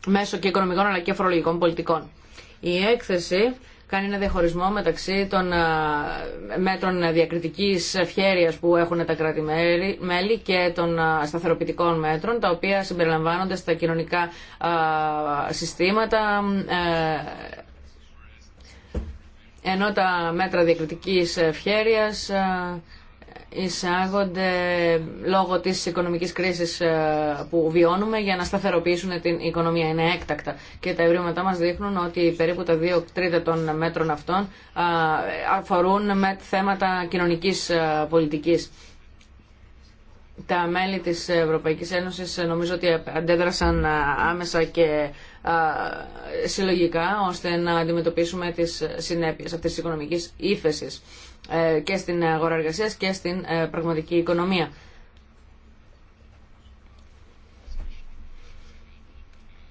μέσω και οικονομικών αλλά και φορολογικών πολιτικών. Η έκθεση κάνει ένα διαχωρισμό μεταξύ των μέτρων διακριτικής ευχέρειας που έχουν τα κράτη-μέλη και των α, σταθεροποιητικών μέτρων, τα οποία συμπεριλαμβάνονται στα κοινωνικά συστήματα, ε, ενώ τα μέτρα διακριτικής ευχέρειας ε, εισάγονται λόγω της οικονομικής κρίσης ε, που βιώνουμε για να σταθεροποιήσουν την οικονομία. Είναι έκτακτα και τα ευρήματά μας δείχνουν ότι περίπου τα δύο τρίτα των μέτρων αυτών ε, αφορούν με θέματα κοινωνικής πολιτικής τα μέλη της Ευρωπαϊκής Ένωσης νομίζω ότι αντέδρασαν άμεσα και συλλογικά ώστε να αντιμετωπίσουμε τις συνέπειες αυτής της οικονομικής ύφεσης ε, και στην αγορά εργασίας και στην ε, πραγματική οικονομία.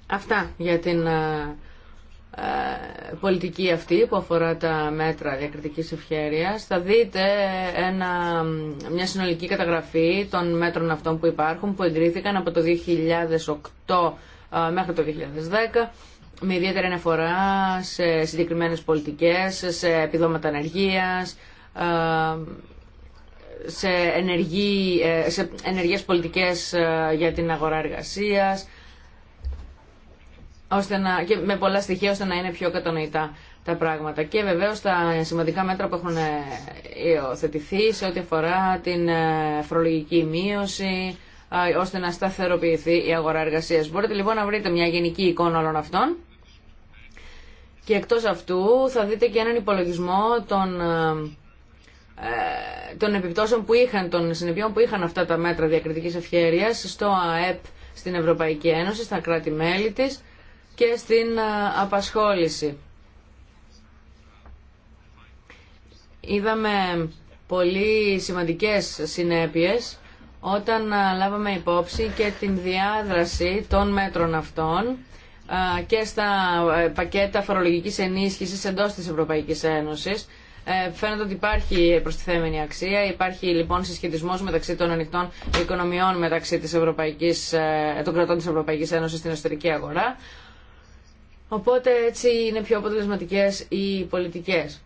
Αυτά για την ε, πολιτική αυτή που αφορά τα μέτρα διακριτικής ευχέρειας θα δείτε ένα, μια συνολική καταγραφή των μέτρων αυτών που υπάρχουν που εγκρίθηκαν από το 2008 ε, μέχρι το 2010 με ιδιαίτερη αναφορά σε συγκεκριμένες πολιτικές, σε επιδόματα ενεργείας ε, σε, ενεργή, σε πολιτικές για την αγορά εργασίας, ώστε να, και με πολλά στοιχεία ώστε να είναι πιο κατανοητά τα πράγματα. Και βεβαίω τα σημαντικά μέτρα που έχουν ε, υιοθετηθεί σε ό,τι αφορά την ε, φορολογική μείωση, ώστε να σταθεροποιηθεί η αγορά εργασία. Μπορείτε λοιπόν να βρείτε μια γενική εικόνα όλων αυτών. Και εκτός αυτού θα δείτε και έναν υπολογισμό των, ε, των επιπτώσεων που είχαν, των συνεπειών που είχαν αυτά τα μέτρα διακριτικής ευχέρειας στο ΑΕΠ στην Ευρωπαϊκή Ένωση, στα κράτη-μέλη της και στην ε, απασχόληση. Είδαμε πολύ σημαντικές συνέπειες όταν ε, λάβαμε υπόψη και την διάδραση των μέτρων αυτών ε, και στα πακέτα φορολογικής ενίσχυσης εντός της Ευρωπαϊκής Ένωσης. Φαίνεται ότι υπάρχει προστιθέμενη αξία, υπάρχει λοιπόν συσχετισμός μεταξύ των ανοιχτών οικονομιών μεταξύ της Ευρωπαϊκής, των κρατών της Ευρωπαϊκής Ένωσης στην εσωτερική αγορά. Οπότε έτσι είναι πιο αποτελεσματικές οι πολιτικές.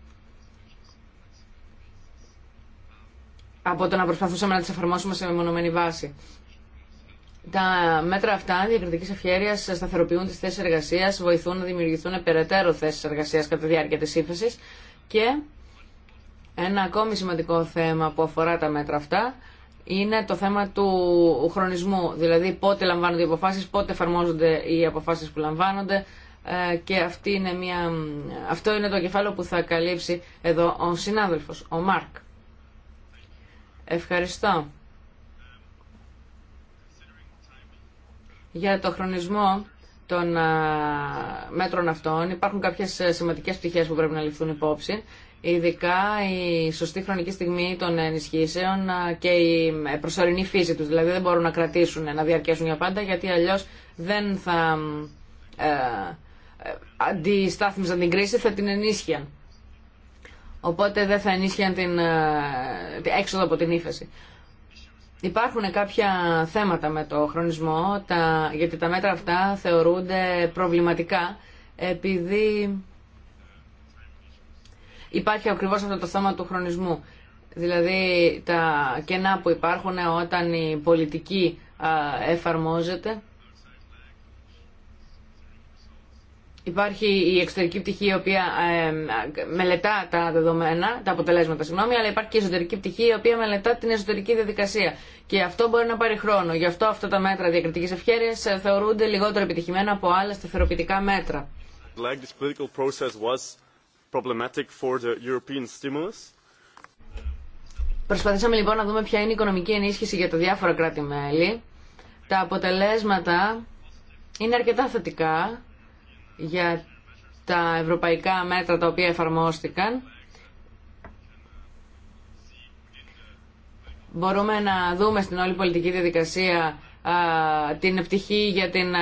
Από το να προσπαθούσαμε να τις εφαρμόσουμε σε μεμονωμένη βάση. Τα μέτρα αυτά διακριτική ευχαίρεια σταθεροποιούν τι θέσει εργασία, βοηθούν να δημιουργηθούν περαιτέρω θέσει εργασία κατά τη διάρκεια τη ύφεση και ένα ακόμη σημαντικό θέμα που αφορά τα μέτρα αυτά είναι το θέμα του χρονισμού. Δηλαδή πότε λαμβάνονται οι αποφάσει, πότε εφαρμόζονται οι αποφάσει που λαμβάνονται, ε, και αυτό είναι το κεφάλαιο που θα καλύψει εδώ ο συνάδελφος, ο Μάρκ. Ευχαριστώ. Για το χρονισμό των ε, μέτρων αυτών υπάρχουν κάποιες ε, σημαντικές πτυχές που πρέπει να ληφθούν υπόψη. Ειδικά η σωστή χρονική στιγμή των ενισχύσεων και η προσωρινή φύση τους. Δηλαδή δεν μπορούν να κρατήσουν, να διαρκέσουν για πάντα γιατί αλλιώς δεν θα αντιστάθμιζαν την κρίση θα την ενίσχυαν. Οπότε δεν θα ενίσχυαν την, ε, την έξοδο από την ύφεση. Υπάρχουν κάποια θέματα με το χρονισμό, τα, γιατί τα μέτρα αυτά θεωρούνται προβληματικά, επειδή υπάρχει ακριβώς αυτό το θέμα του χρονισμού. Δηλαδή τα κενά που υπάρχουν όταν η πολιτική ε, εφαρμόζεται Υπάρχει η εξωτερική πτυχή η οποία ε, μελετά τα δεδομένα, τα αποτελέσματα, συγγνώμη, αλλά υπάρχει και η εσωτερική πτυχή η οποία μελετά την εσωτερική διαδικασία. Και αυτό μπορεί να πάρει χρόνο. Γι' αυτό αυτά τα μέτρα διακριτική ευχέρεια ε, θεωρούνται λιγότερο επιτυχημένα από άλλα σταθεροποιητικά μέτρα. Like Προσπαθήσαμε λοιπόν να δούμε ποια είναι η οικονομική ενίσχυση για τα διάφορα κράτη-μέλη. Τα αποτελέσματα είναι αρκετά θετικά για τα ευρωπαϊκά μέτρα τα οποία εφαρμόστηκαν. Μπορούμε να δούμε στην όλη πολιτική διαδικασία την πτυχή για την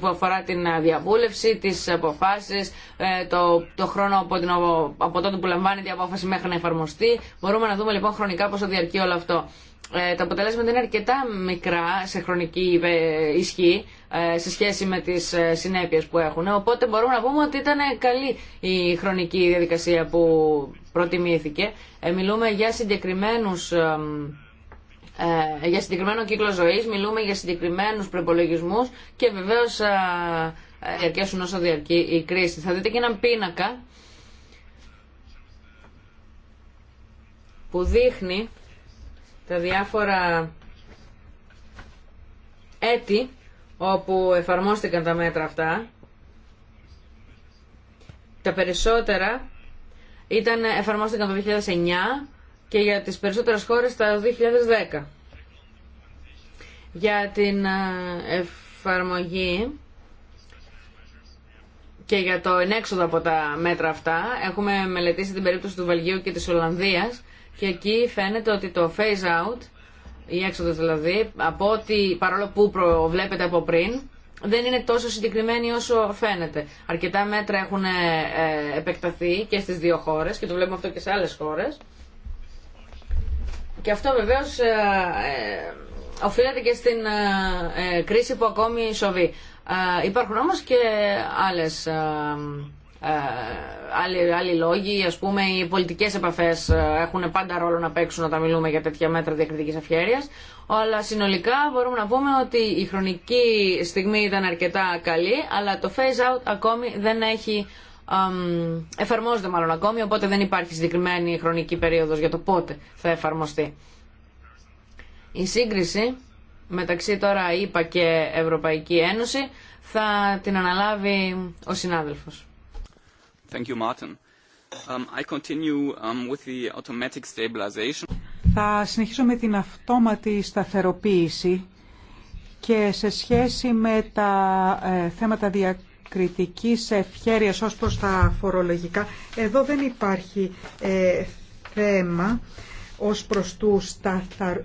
που αφορά την διαβούλευση, τις αποφάσεις, ε, το, το χρόνο από, την, από τότε που λαμβάνεται η απόφαση μέχρι να εφαρμοστεί. Μπορούμε να δούμε λοιπόν χρονικά πόσο διαρκεί όλο αυτό. Ε, τα αποτελέσματα είναι αρκετά μικρά σε χρονική ε, ισχύ ε, σε σχέση με τις συνέπειες που έχουν. Οπότε μπορούμε να πούμε ότι ήταν καλή η χρονική διαδικασία που προτιμήθηκε. Μιλούμε για συγκεκριμένους για συγκεκριμένο κύκλο ζωής, μιλούμε για συγκεκριμένου προπολογισμού και βεβαίω διαρκέσουν όσο διαρκεί η κρίση. Θα δείτε και έναν πίνακα που δείχνει τα διάφορα έτη όπου εφαρμόστηκαν τα μέτρα αυτά, τα περισσότερα ήταν, εφαρμόστηκαν το 2009 και για τις περισσότερες χώρες τα 2010. Για την ε, εφαρμογή και για το ενέξοδο από τα μέτρα αυτά έχουμε μελετήσει την περίπτωση του Βαλγίου και της Ολλανδίας και εκεί φαίνεται ότι το phase out, η έξοδος δηλαδή, από ότι, παρόλο που βλέπετε από πριν, δεν είναι τόσο συγκεκριμένη όσο φαίνεται. Αρκετά μέτρα έχουν ε, επεκταθεί και στις δύο χώρες και το βλέπουμε αυτό και σε άλλες χώρες. Και αυτό βεβαίως ε, ε, οφείλεται και στην κρίση που ακόμη σοβεί. Υπάρχουν όμως και άλλες ε, άλλοι, λόγοι, ας πούμε, οι πολιτικές επαφές ε, έχουν πάντα ρόλο να παίξουν όταν μιλούμε για τέτοια μέτρα διακριτική αφιέριας Αλλά συνολικά μπορούμε να πούμε ότι η χρονική στιγμή ήταν αρκετά καλή, αλλά το phase out ακόμη δεν έχει εφαρμόζεται μάλλον ακόμη, οπότε δεν υπάρχει συγκεκριμένη χρονική περίοδος για το πότε θα εφαρμοστεί. Η σύγκριση μεταξύ τώρα είπα και Ευρωπαϊκή Ένωση θα την αναλάβει ο συνάδελφος. Θα συνεχίσω με την αυτόματη σταθεροποίηση και σε σχέση με τα ε, θέματα διακριτικής ευχέρειας ως προς τα φορολογικά. Εδώ δεν υπάρχει ε, θέμα ως προς τους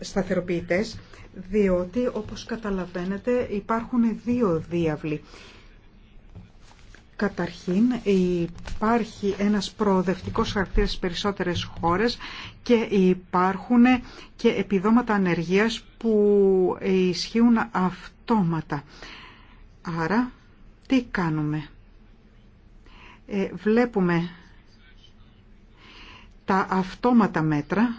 σταθεροποιητές, διότι όπως καταλαβαίνετε υπάρχουν δύο διάβλοι. Καταρχήν υπάρχει ένας προοδευτικός χαρακτήρας στις περισσότερες χώρες και υπάρχουν και επιδόματα ανεργίας που ισχύουν αυτόματα. Άρα τι κάνουμε. Ε, βλέπουμε τα αυτόματα μέτρα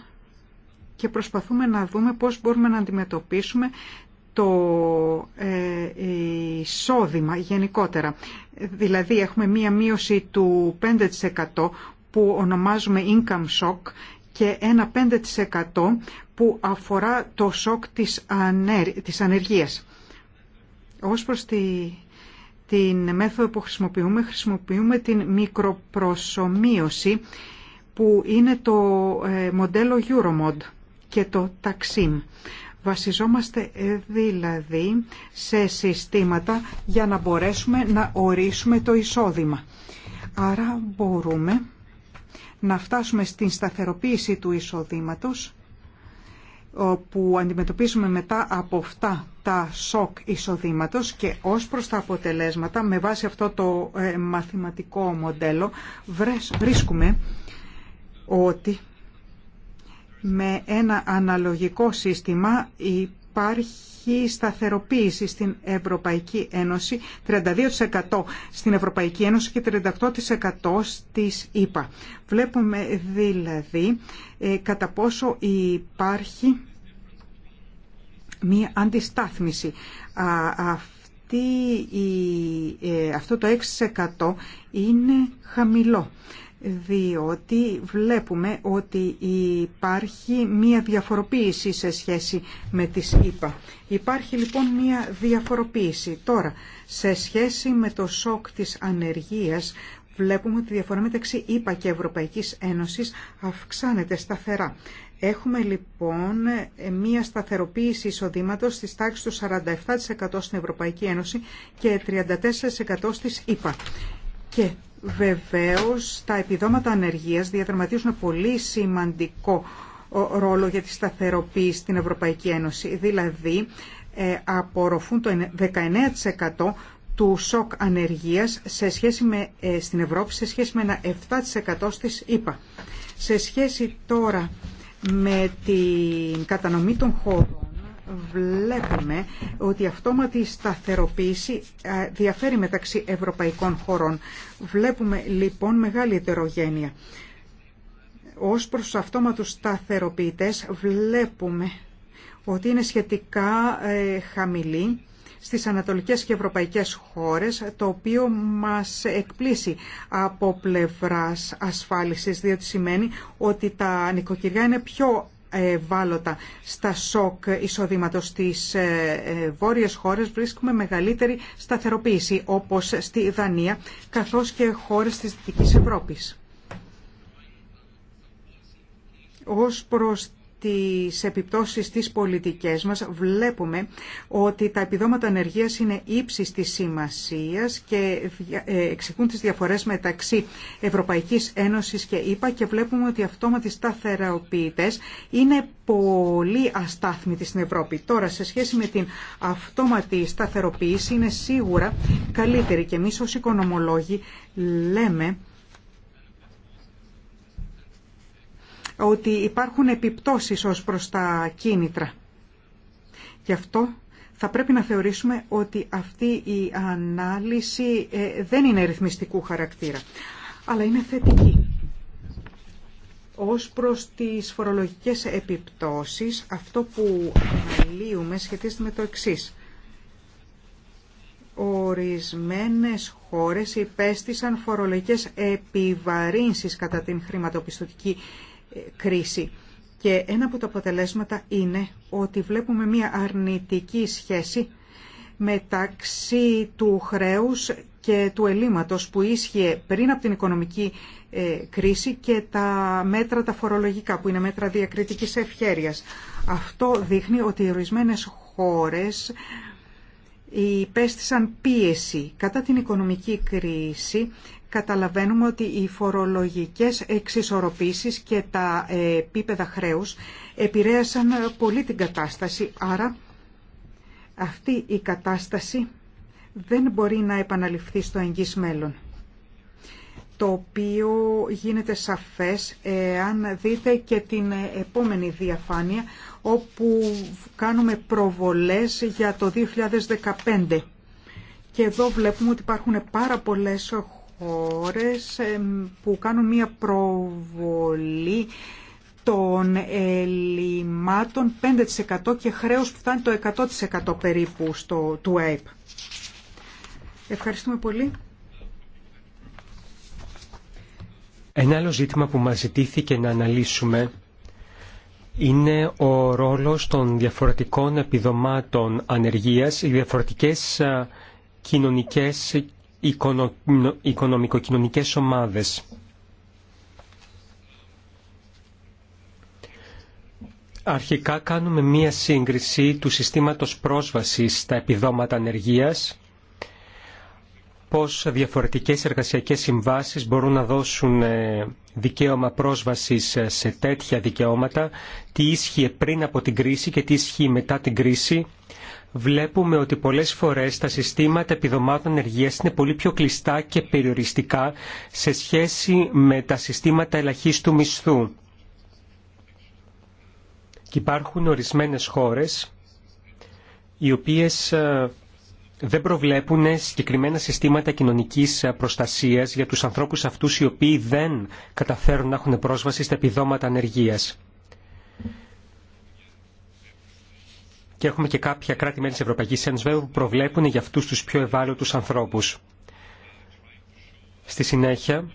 και προσπαθούμε να δούμε πώς μπορούμε να αντιμετωπίσουμε το ε, εισόδημα γενικότερα. Δηλαδή έχουμε μία μείωση του 5% που ονομάζουμε income shock και ένα 5% που αφορά το σοκ της, της ανεργίας. Ως προς τη... την μέθοδο που χρησιμοποιούμε, χρησιμοποιούμε την μικροπροσωμείωση που είναι το ε, μοντέλο Euromod και το Taxim. Βασιζόμαστε ε, δηλαδή σε συστήματα για να μπορέσουμε να ορίσουμε το εισόδημα. Άρα μπορούμε να φτάσουμε στην σταθεροποίηση του εισοδήματος που αντιμετωπίζουμε μετά από αυτά τα σοκ εισοδήματος και ως προς τα αποτελέσματα με βάση αυτό το ε, μαθηματικό μοντέλο βρίσκουμε ότι με ένα αναλογικό σύστημα υπάρχει σταθεροποίηση στην Ευρωπαϊκή Ένωση, 32% στην Ευρωπαϊκή Ένωση και 38% στις ΗΠΑ. Βλέπουμε δηλαδή ε, κατά πόσο υπάρχει μία αντιστάθμιση. η, ε, αυτό το 6% είναι χαμηλό διότι βλέπουμε ότι υπάρχει μία διαφοροποίηση σε σχέση με τις ΙΠΑ. Υπάρχει λοιπόν μία διαφοροποίηση. Τώρα, σε σχέση με το σοκ της ανεργίας, βλέπουμε ότι η διαφορά μεταξύ ΙΠΑ και Ευρωπαϊκής Ένωσης αυξάνεται σταθερά. Έχουμε λοιπόν μία σταθεροποίηση εισοδήματος στις τάξεις του 47% στην Ευρωπαϊκή Ένωση και 34% στις ΙΠΑ. Και Βεβαίως, τα επιδόματα ανεργίας διαδραματίζουν πολύ σημαντικό ρόλο για τη σταθεροποίηση στην Ευρωπαϊκή Ένωση. Δηλαδή, ε, απορροφούν το 19% του σοκ ανεργίας σε σχέση με, ε, στην Ευρώπη σε σχέση με ένα 7% στις ΗΠΑ. Σε σχέση τώρα με την κατανομή των χώρων βλέπουμε ότι η αυτόματη σταθεροποίηση ε, διαφέρει μεταξύ ευρωπαϊκών χωρών. Βλέπουμε λοιπόν μεγάλη ετερογένεια. Ως προς τους αυτόματους σταθεροποιητές βλέπουμε ότι είναι σχετικά ε, χαμηλή στις ανατολικές και ευρωπαϊκές χώρες, το οποίο μας εκπλήσει από πλευράς ασφάλισης, διότι σημαίνει ότι τα νοικοκυριά είναι πιο ε, ευάλωτα στα σοκ εισοδήματος στις ε, ε, βόρειες χώρες βρίσκουμε μεγαλύτερη σταθεροποίηση όπως στη Δανία καθώς και χώρες της Δυτικής Ευρώπης τις επιπτώσεις στις πολιτικές μας βλέπουμε ότι τα επιδόματα ανεργίας είναι ύψης της σημασίας και ε, εξηγούν τις διαφορές μεταξύ Ευρωπαϊκής Ένωσης και ΕΠΑ και βλέπουμε ότι οι αυτόματοι σταθεροποιητές είναι πολύ αστάθμητοι στην Ευρώπη. Τώρα σε σχέση με την αυτόματη σταθεροποίηση είναι σίγουρα καλύτερη και εμείς ως οικονομολόγοι λέμε ότι υπάρχουν επιπτώσεις ως προς τα κίνητρα. Γι' αυτό θα πρέπει να θεωρήσουμε ότι αυτή η ανάλυση ε, δεν είναι ρυθμιστικού χαρακτήρα, αλλά είναι θετική. Ως προς τις φορολογικές επιπτώσεις, αυτό που αναλύουμε σχετίζεται με το εξής. Ορισμένες χώρες υπέστησαν φορολογικές επιβαρύνσεις κατά την χρηματοπιστωτική κρίση. Και ένα από τα αποτελέσματα είναι ότι βλέπουμε μια αρνητική σχέση μεταξύ του χρέους και του ελλείμματος που ίσχυε πριν από την οικονομική ε, κρίση και τα μέτρα τα φορολογικά που είναι μέτρα διακριτικής ευχέρειας. Αυτό δείχνει ότι οι ορισμένες χώρες υπέστησαν πίεση κατά την οικονομική κρίση καταλαβαίνουμε ότι οι φορολογικές εξισορροπήσεις και τα ε, επίπεδα χρέους επηρέασαν πολύ την κατάσταση, άρα αυτή η κατάσταση δεν μπορεί να επαναληφθεί στο εγγύς μέλλον το οποίο γίνεται σαφές αν δείτε και την επόμενη διαφάνεια όπου κάνουμε προβολές για το 2015. Και εδώ βλέπουμε ότι υπάρχουν πάρα πολλές χώρες που κάνουν μία προβολή των ελλημάτων 5% και χρέος που φτάνει το 100% περίπου στο, του ΑΕΠ. Ευχαριστούμε πολύ. Ένα άλλο ζήτημα που μας ζητήθηκε να αναλύσουμε είναι ο ρόλος των διαφορετικών επιδομάτων ανεργίας, οι διαφορετικές κοινωνικές οικονο, οικονομικοκοινωνικές ομάδες. Αρχικά κάνουμε μία σύγκριση του συστήματος πρόσβασης στα επιδόματα ανεργίας, πώς διαφορετικές εργασιακές συμβάσεις μπορούν να δώσουν ε, δικαίωμα πρόσβασης ε, σε τέτοια δικαιώματα, τι ίσχυε πριν από την κρίση και τι ίσχυε μετά την κρίση βλέπουμε ότι πολλές φορές τα συστήματα επιδομάτων ενεργείας είναι πολύ πιο κλειστά και περιοριστικά σε σχέση με τα συστήματα ελαχίστου μισθού. Και υπάρχουν ορισμένες χώρες οι οποίες ε, δεν προβλέπουν συγκεκριμένα συστήματα κοινωνικής ε, προστασίας για τους ανθρώπους αυτούς οι οποίοι δεν καταφέρουν να έχουν πρόσβαση στα επιδόματα ανεργίας. και έχουμε και κάποια κράτη-μέλη της Ευρωπαϊκής Ένωσης που προβλέπουν για αυτούς τους πιο ευάλωτους ανθρώπους. Στη συνέχεια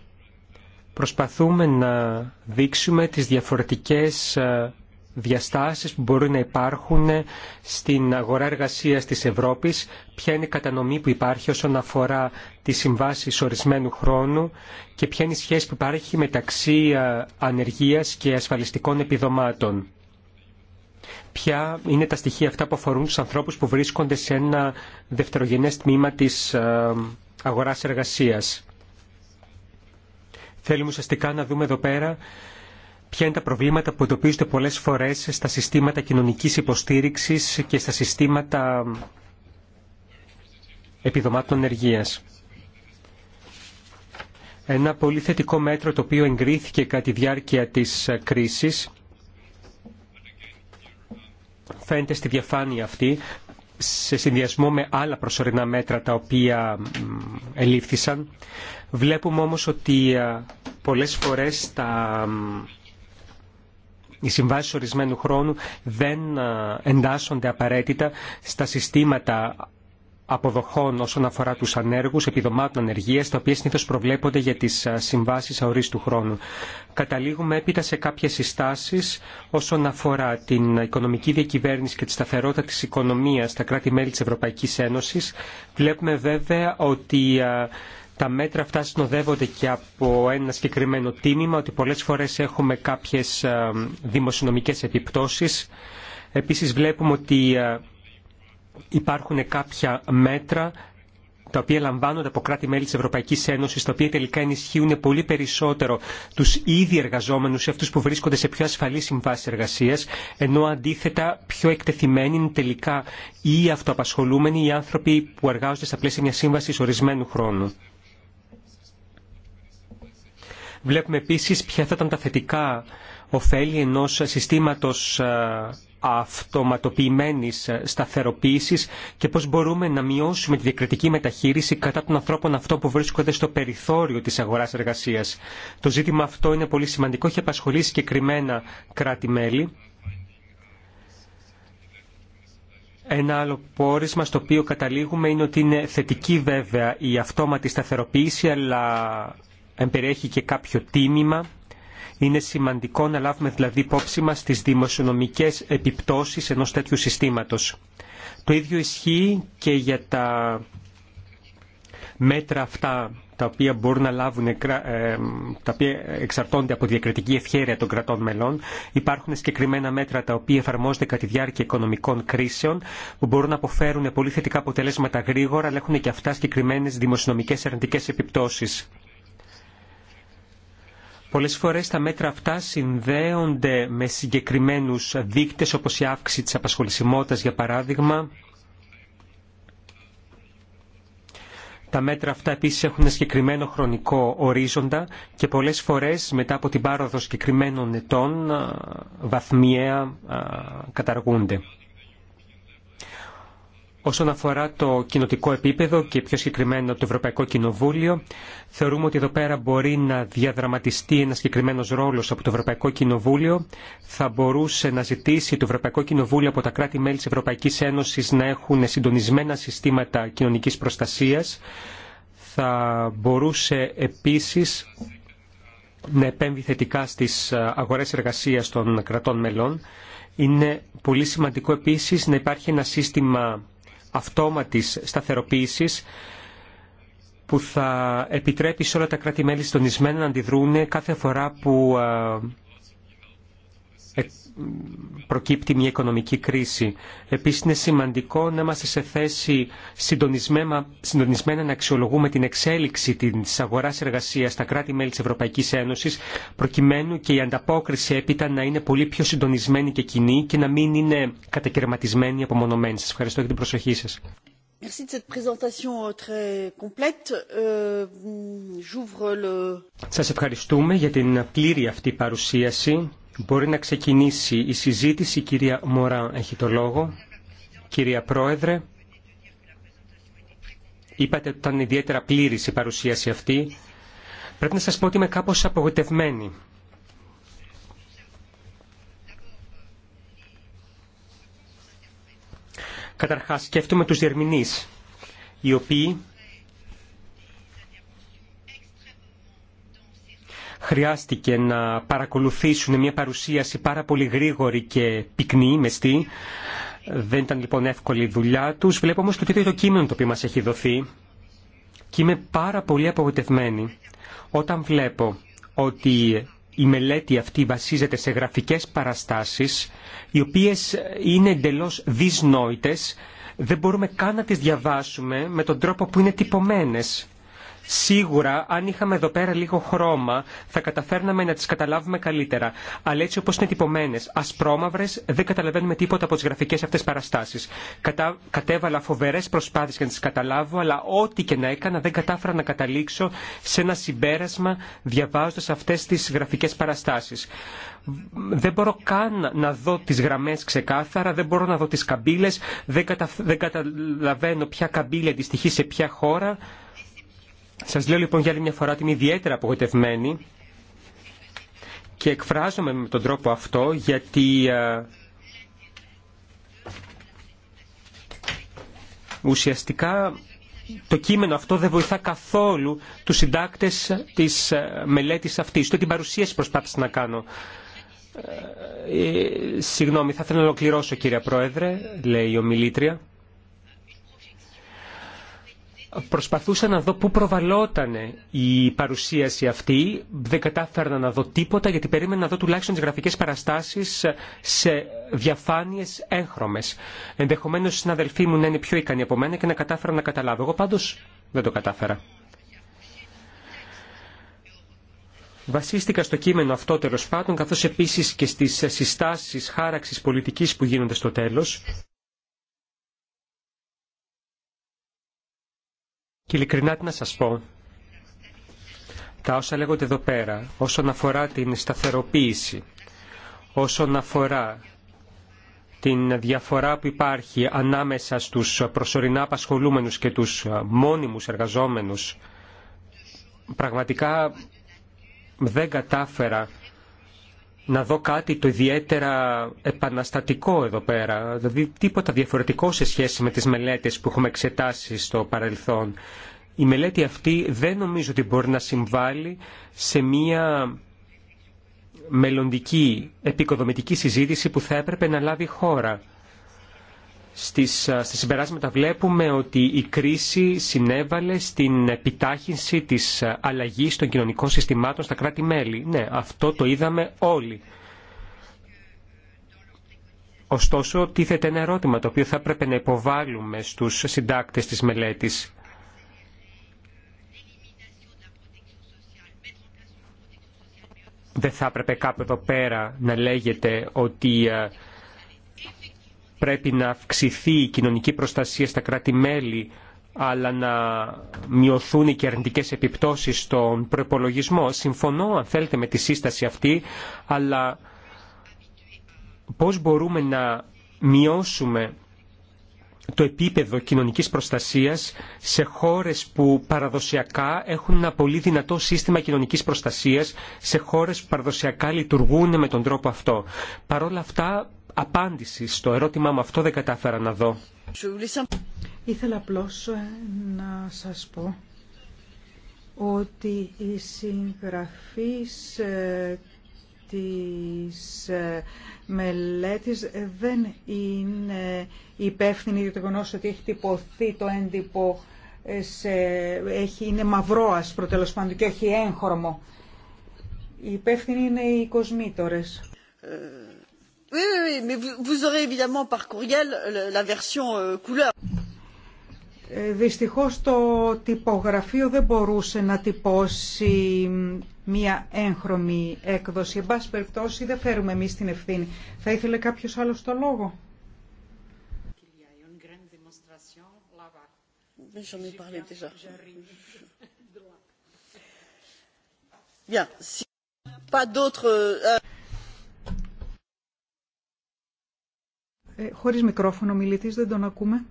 προσπαθούμε να δείξουμε τις διαφορετικές ε, διαστάσεις που μπορούν να υπάρχουν ε, στην αγορά εργασίας της Ευρώπης, ποια είναι η κατανομή που υπάρχει όσον αφορά τη συμβάσεις ορισμένου χρόνου και ποια είναι η σχέση που υπάρχει μεταξύ ε, ανεργίας και ασφαλιστικών επιδομάτων. Ποια είναι τα στοιχεία αυτά που αφορούν τους ανθρώπους που βρίσκονται σε ένα δευτερογενές τμήμα της ε, αγοράς εργασίας. Θέλουμε ουσιαστικά να δούμε εδώ πέρα ποια είναι τα προβλήματα που εντοπίζονται πολλές φορές στα συστήματα κοινωνικής υποστήριξης και στα συστήματα επιδομάτων ενεργείας. Ένα πολύ θετικό μέτρο το οποίο εγκρίθηκε κατά τη διάρκεια της ε, κρίσης φαίνεται στη διαφάνεια αυτή σε συνδυασμό με άλλα προσωρινά μέτρα τα οποία ελήφθησαν. Βλέπουμε όμως ότι ε, πολλές φορές τα... οι συμβάσει ορισμένου χρόνου δεν ε, εντάσσονται απαραίτητα στα συστήματα αποδοχών όσον αφορά τους ανέργους, επιδομάτων ανεργίας, τα οποία συνήθως προβλέπονται για τις συμβάσεις αορίστου χρόνου. Καταλήγουμε έπειτα σε κάποιες συστάσεις όσον αφορά την οικονομική διακυβέρνηση και τη σταθερότητα της οικονομίας στα κράτη-μέλη της Ευρωπαϊκής Ένωσης. Βλέπουμε βέβαια ότι τα μέτρα αυτά συνοδεύονται και από ένα συγκεκριμένο τίμημα, ότι πολλές φορές έχουμε κάποιες δημοσιονομικές επιπτώσεις. Επίσης βλέπουμε ότι υπάρχουν κάποια μέτρα τα οποία λαμβάνονται από κράτη-μέλη της Ευρωπαϊκής Ένωσης, τα οποία τελικά ενισχύουν πολύ περισσότερο τους ήδη εργαζόμενους, αυτούς που βρίσκονται σε πιο ασφαλή συμβάση εργασίας, ενώ αντίθετα πιο εκτεθειμένοι είναι τελικά οι αυτοαπασχολούμενοι, οι άνθρωποι που εργάζονται στα πλαίσια μια σύμβαση ορισμένου χρόνου. Βλέπουμε επίσης ποια θα ήταν τα θετικά ωφέλη ενός συστήματος αυτοματοποιημένης ε, σταθεροποίησης και πώς μπορούμε να μειώσουμε τη διακριτική μεταχείριση κατά των ανθρώπων αυτών που βρίσκονται στο περιθώριο της αγοράς εργασίας. Το ζήτημα αυτό είναι πολύ σημαντικό, έχει απασχολήσει συγκεκριμένα κράτη-μέλη. Ένα άλλο πόρισμα στο οποίο καταλήγουμε είναι ότι είναι θετική βέβαια η αυτόματη σταθεροποίηση, αλλά εμπεριέχει και κάποιο τίμημα είναι σημαντικό να λάβουμε δηλαδή υπόψη μας τις δημοσιονομικές επιπτώσεις ενός τέτοιου συστήματος. Το ίδιο ισχύει και για τα μέτρα αυτά τα οποία μπορούν να λάβουν, ε, ε, τα οποία εξαρτώνται από διακριτική ευχαίρεια των κρατών μελών. Υπάρχουν συγκεκριμένα μέτρα τα οποία εφαρμόζονται κατά τη διάρκεια οικονομικών κρίσεων, που μπορούν να αποφέρουν πολύ θετικά αποτελέσματα γρήγορα, αλλά έχουν και αυτά συγκεκριμένε δημοσιονομικέ αρνητικέ επιπτώσει. Πολλές φορές τα μέτρα αυτά συνδέονται με συγκεκριμένους δείκτες όπως η αύξηση της απασχολησιμότητας για παράδειγμα. Τα μέτρα αυτά επίσης έχουν ένα συγκεκριμένο χρονικό ορίζοντα και πολλές φορές μετά από την πάροδο συγκεκριμένων ετών βαθμιαία καταργούνται. Όσον αφορά το κοινοτικό επίπεδο και πιο συγκεκριμένα το Ευρωπαϊκό Κοινοβούλιο, θεωρούμε ότι εδώ πέρα μπορεί να διαδραματιστεί ένα συγκεκριμένο ρόλο από το Ευρωπαϊκό Κοινοβούλιο. Θα μπορούσε να ζητήσει το Ευρωπαϊκό Κοινοβούλιο από τα κράτη-μέλη τη Ευρωπαϊκή Ένωση να έχουν συντονισμένα συστήματα κοινωνική προστασία. Θα μπορούσε επίση να επέμβει θετικά στι αγορέ εργασία των κρατών μελών. Είναι πολύ σημαντικό επίση να υπάρχει ένα σύστημα αυτόματης σταθεροποίησης που θα επιτρέπει σε όλα τα κράτη-μέλη συντονισμένα να αντιδρούν κάθε φορά που ε, προκύπτει μια οικονομική κρίση. Επίσης είναι σημαντικό να είμαστε σε θέση συντονισμένα να αξιολογούμε την εξέλιξη της αγοράς εργασίας στα κράτη-μέλη της Ευρωπαϊκής Ένωσης προκειμένου και η ανταπόκριση έπειτα να είναι πολύ πιο συντονισμένη και κοινή και να μην είναι κατακαιρματισμένη απομονωμένη. Σας ευχαριστώ για την προσοχή σας. Σας ευχαριστούμε για την πλήρη αυτή παρουσίαση. Μπορεί να ξεκινήσει η συζήτηση. κυρία Μωρά έχει το λόγο. Κυρία Πρόεδρε, είπατε ότι ήταν ιδιαίτερα πλήρης η παρουσίαση αυτή. Πρέπει να σας πω ότι είμαι κάπως απογοητευμένη. Καταρχάς, σκέφτομαι τους διερμηνείς, οι οποίοι χρειάστηκε να παρακολουθήσουν μια παρουσίαση πάρα πολύ γρήγορη και πυκνή, μεστή. Δεν ήταν λοιπόν εύκολη η δουλειά τους. Βλέπω όμως το τέτοιο κείμενο το οποίο μας έχει δοθεί και είμαι πάρα πολύ απογοητευμένη όταν βλέπω ότι η μελέτη αυτή βασίζεται σε γραφικές παραστάσεις οι οποίες είναι εντελώς δυσνόητες, δεν μπορούμε καν να τις διαβάσουμε με τον τρόπο που είναι τυπωμένες. Σίγουρα, αν είχαμε εδώ πέρα λίγο χρώμα, θα καταφέρναμε να τι καταλάβουμε καλύτερα. Αλλά έτσι όπω είναι τυπωμένε, ασπρόμαυρε, δεν καταλαβαίνουμε τίποτα από τι γραφικέ αυτέ παραστάσει. κατέβαλα φοβερέ προσπάθειε για να τι καταλάβω, αλλά ό,τι και να έκανα δεν κατάφερα να καταλήξω σε ένα συμπέρασμα διαβάζοντα αυτέ τι γραφικέ παραστάσει. Δεν μπορώ καν να δω τις γραμμές ξεκάθαρα, δεν μπορώ να δω τις καμπύλες, δεν, δεν καταλαβαίνω ποια καμπύλη αντιστοιχεί σε ποια χώρα. Σας λέω λοιπόν για άλλη μια φορά ότι είμαι ιδιαίτερα απογοητευμένη και εκφράζομαι με τον τρόπο αυτό γιατί ε, ουσιαστικά το κείμενο αυτό δεν βοηθά καθόλου τους συντάκτες της ε, μελέτης αυτής, το την παρουσίαση προσπάθησα να κάνω. Ε, ε, συγγνώμη, θα ήθελα να ολοκληρώσω κύριε Πρόεδρε, λέει η ομιλήτρια προσπαθούσα να δω πού προβαλόταν η παρουσίαση αυτή. Δεν κατάφερα να δω τίποτα γιατί περίμενα να δω τουλάχιστον τι γραφικές παραστάσεις σε διαφάνειες έγχρωμες. Ενδεχομένως οι συναδελφοί μου να είναι πιο ικανοί από μένα και να κατάφερα να καταλάβω. Εγώ πάντως δεν το κατάφερα. Βασίστηκα στο κείμενο αυτό τέλο πάντων, καθώ επίση και στι συστάσει χάραξη πολιτική που γίνονται στο τέλο. Και ειλικρινά τι να σας πω, τα όσα λέγονται εδώ πέρα, όσον αφορά την σταθεροποίηση, όσον αφορά την διαφορά που υπάρχει ανάμεσα στους προσωρινά απασχολούμενους και τους μόνιμους εργαζόμενους, πραγματικά δεν κατάφερα να δω κάτι το ιδιαίτερα επαναστατικό εδώ πέρα, δηλαδή τίποτα διαφορετικό σε σχέση με τις μελέτες που έχουμε εξετάσει στο παρελθόν. Η μελέτη αυτή δεν νομίζω ότι μπορεί να συμβάλλει σε μία μελλοντική επικοδομητική συζήτηση που θα έπρεπε να λάβει χώρα. Στις, στα συμπεράσματα βλέπουμε ότι η κρίση συνέβαλε στην επιτάχυνση της αλλαγής των κοινωνικών συστημάτων στα κράτη-μέλη. Ναι, αυτό το είδαμε όλοι. Ωστόσο, τίθεται ένα ερώτημα το οποίο θα έπρεπε να υποβάλλουμε στους συντάκτες της μελέτης. Δεν θα έπρεπε κάπου εδώ πέρα να λέγεται ότι πρέπει να αυξηθεί η κοινωνική προστασία στα κράτη-μέλη αλλά να μειωθούν οι κερνητικές επιπτώσεις στον προπολογισμό. Συμφωνώ αν θέλετε με τη σύσταση αυτή, αλλά πώς μπορούμε να μειώσουμε το επίπεδο κοινωνικής προστασίας σε χώρες που παραδοσιακά έχουν ένα πολύ δυνατό σύστημα κοινωνικής προστασίας, σε χώρες που παραδοσιακά λειτουργούν με τον τρόπο αυτό. Παρ' αυτά απάντηση στο ερώτημά μου αυτό δεν κατάφερα να δω. Ήθελα απλώς ε, να σας πω ότι οι συγγραφείς της ε, μελέτης δεν είναι υπεύθυνη για το γεγονό ότι έχει τυπωθεί το έντυπο ε, σε, έχει, είναι μαυρό άσπρο τέλος πάντων και όχι έγχρωμο. Οι υπεύθυνοι είναι οι κοσμήτορες. Oui, mais vous, aurez évidemment par courriel euh, la version euh, couleur. Ε, δυστυχώς το τυπογραφείο δεν μπορούσε να τυπώσει μία έγχρωμη έκδοση. Εν πάση περιπτώσει δεν φέρουμε εμείς την ευθύνη. Θα ήθελε κάποιος άλλος το λόγο. Bien. Ε, χωρίς μικρόφωνο μιλητής, δεν τον ακούμε.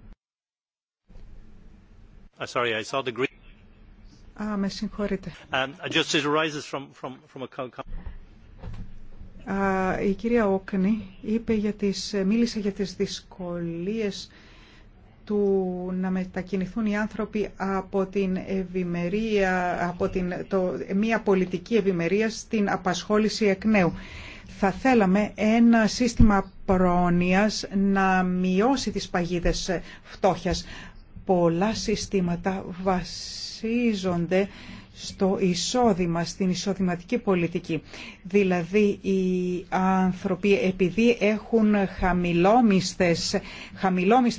Uh, sorry, I saw the green... Α, με συγχωρείτε. Um, just it arises from, from, from a... uh, η κυρία Όκνη είπε για τις, μίλησε για τις δυσκολίες του να μετακινηθούν οι άνθρωποι από την ευημερία, από την, το, μια πολιτική ευημερία στην απασχόληση εκ νέου. Θα θέλαμε ένα σύστημα πρόνοιας να μειώσει τις παγίδες φτώχειας. Πολλά συστήματα βασίζονται στο εισόδημα, στην εισοδηματική πολιτική. Δηλαδή οι άνθρωποι επειδή έχουν χαμηλόμισθες,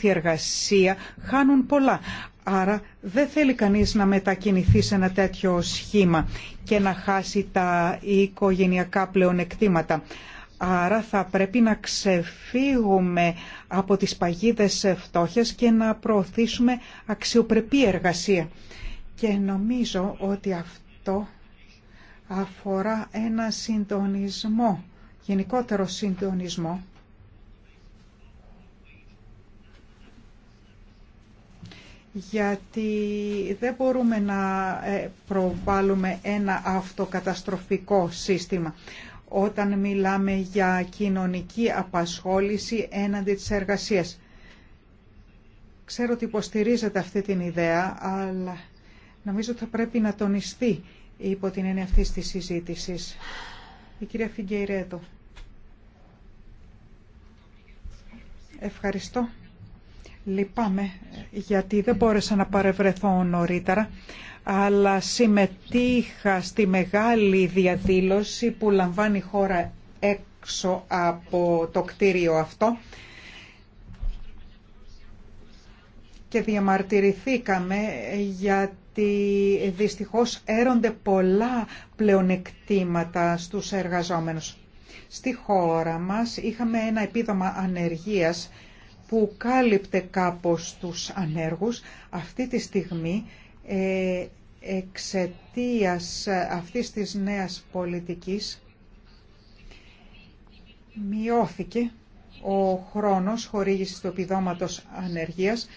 εργασία χάνουν πολλά. Άρα δεν θέλει κανείς να μετακινηθεί σε ένα τέτοιο σχήμα και να χάσει τα οικογενειακά πλεονεκτήματα. Άρα θα πρέπει να ξεφύγουμε από τις παγίδες φτώχειας και να προωθήσουμε αξιοπρεπή εργασία. Και νομίζω ότι αυτό αφορά ένα συντονισμό, γενικότερο συντονισμό γιατί δεν μπορούμε να ε, προβάλλουμε ένα αυτοκαταστροφικό σύστημα όταν μιλάμε για κοινωνική απασχόληση έναντι της εργασίας. Ξέρω ότι υποστηρίζετε αυτή την ιδέα, αλλά νομίζω ότι θα πρέπει να τονιστεί υπό την έννοια αυτή της συζήτησης. Η κυρία Φιγκεϊρέτο. Ευχαριστώ. Λυπάμαι γιατί δεν μπόρεσα να παρευρεθώ νωρίτερα, αλλά συμμετείχα στη μεγάλη διαδήλωση που λαμβάνει η χώρα έξω από το κτίριο αυτό και διαμαρτυρηθήκαμε γιατί δυστυχώς έρονται πολλά πλεονεκτήματα στους εργαζόμενους. Στη χώρα μας είχαμε ένα επίδομα ανεργίας που κάλυπτε κάπως τους ανέργους αυτή τη στιγμή ε, εξαιτίας αυτής της νέας πολιτικής μειώθηκε ο χρόνος χορήγησης του επιδόματος ανεργίας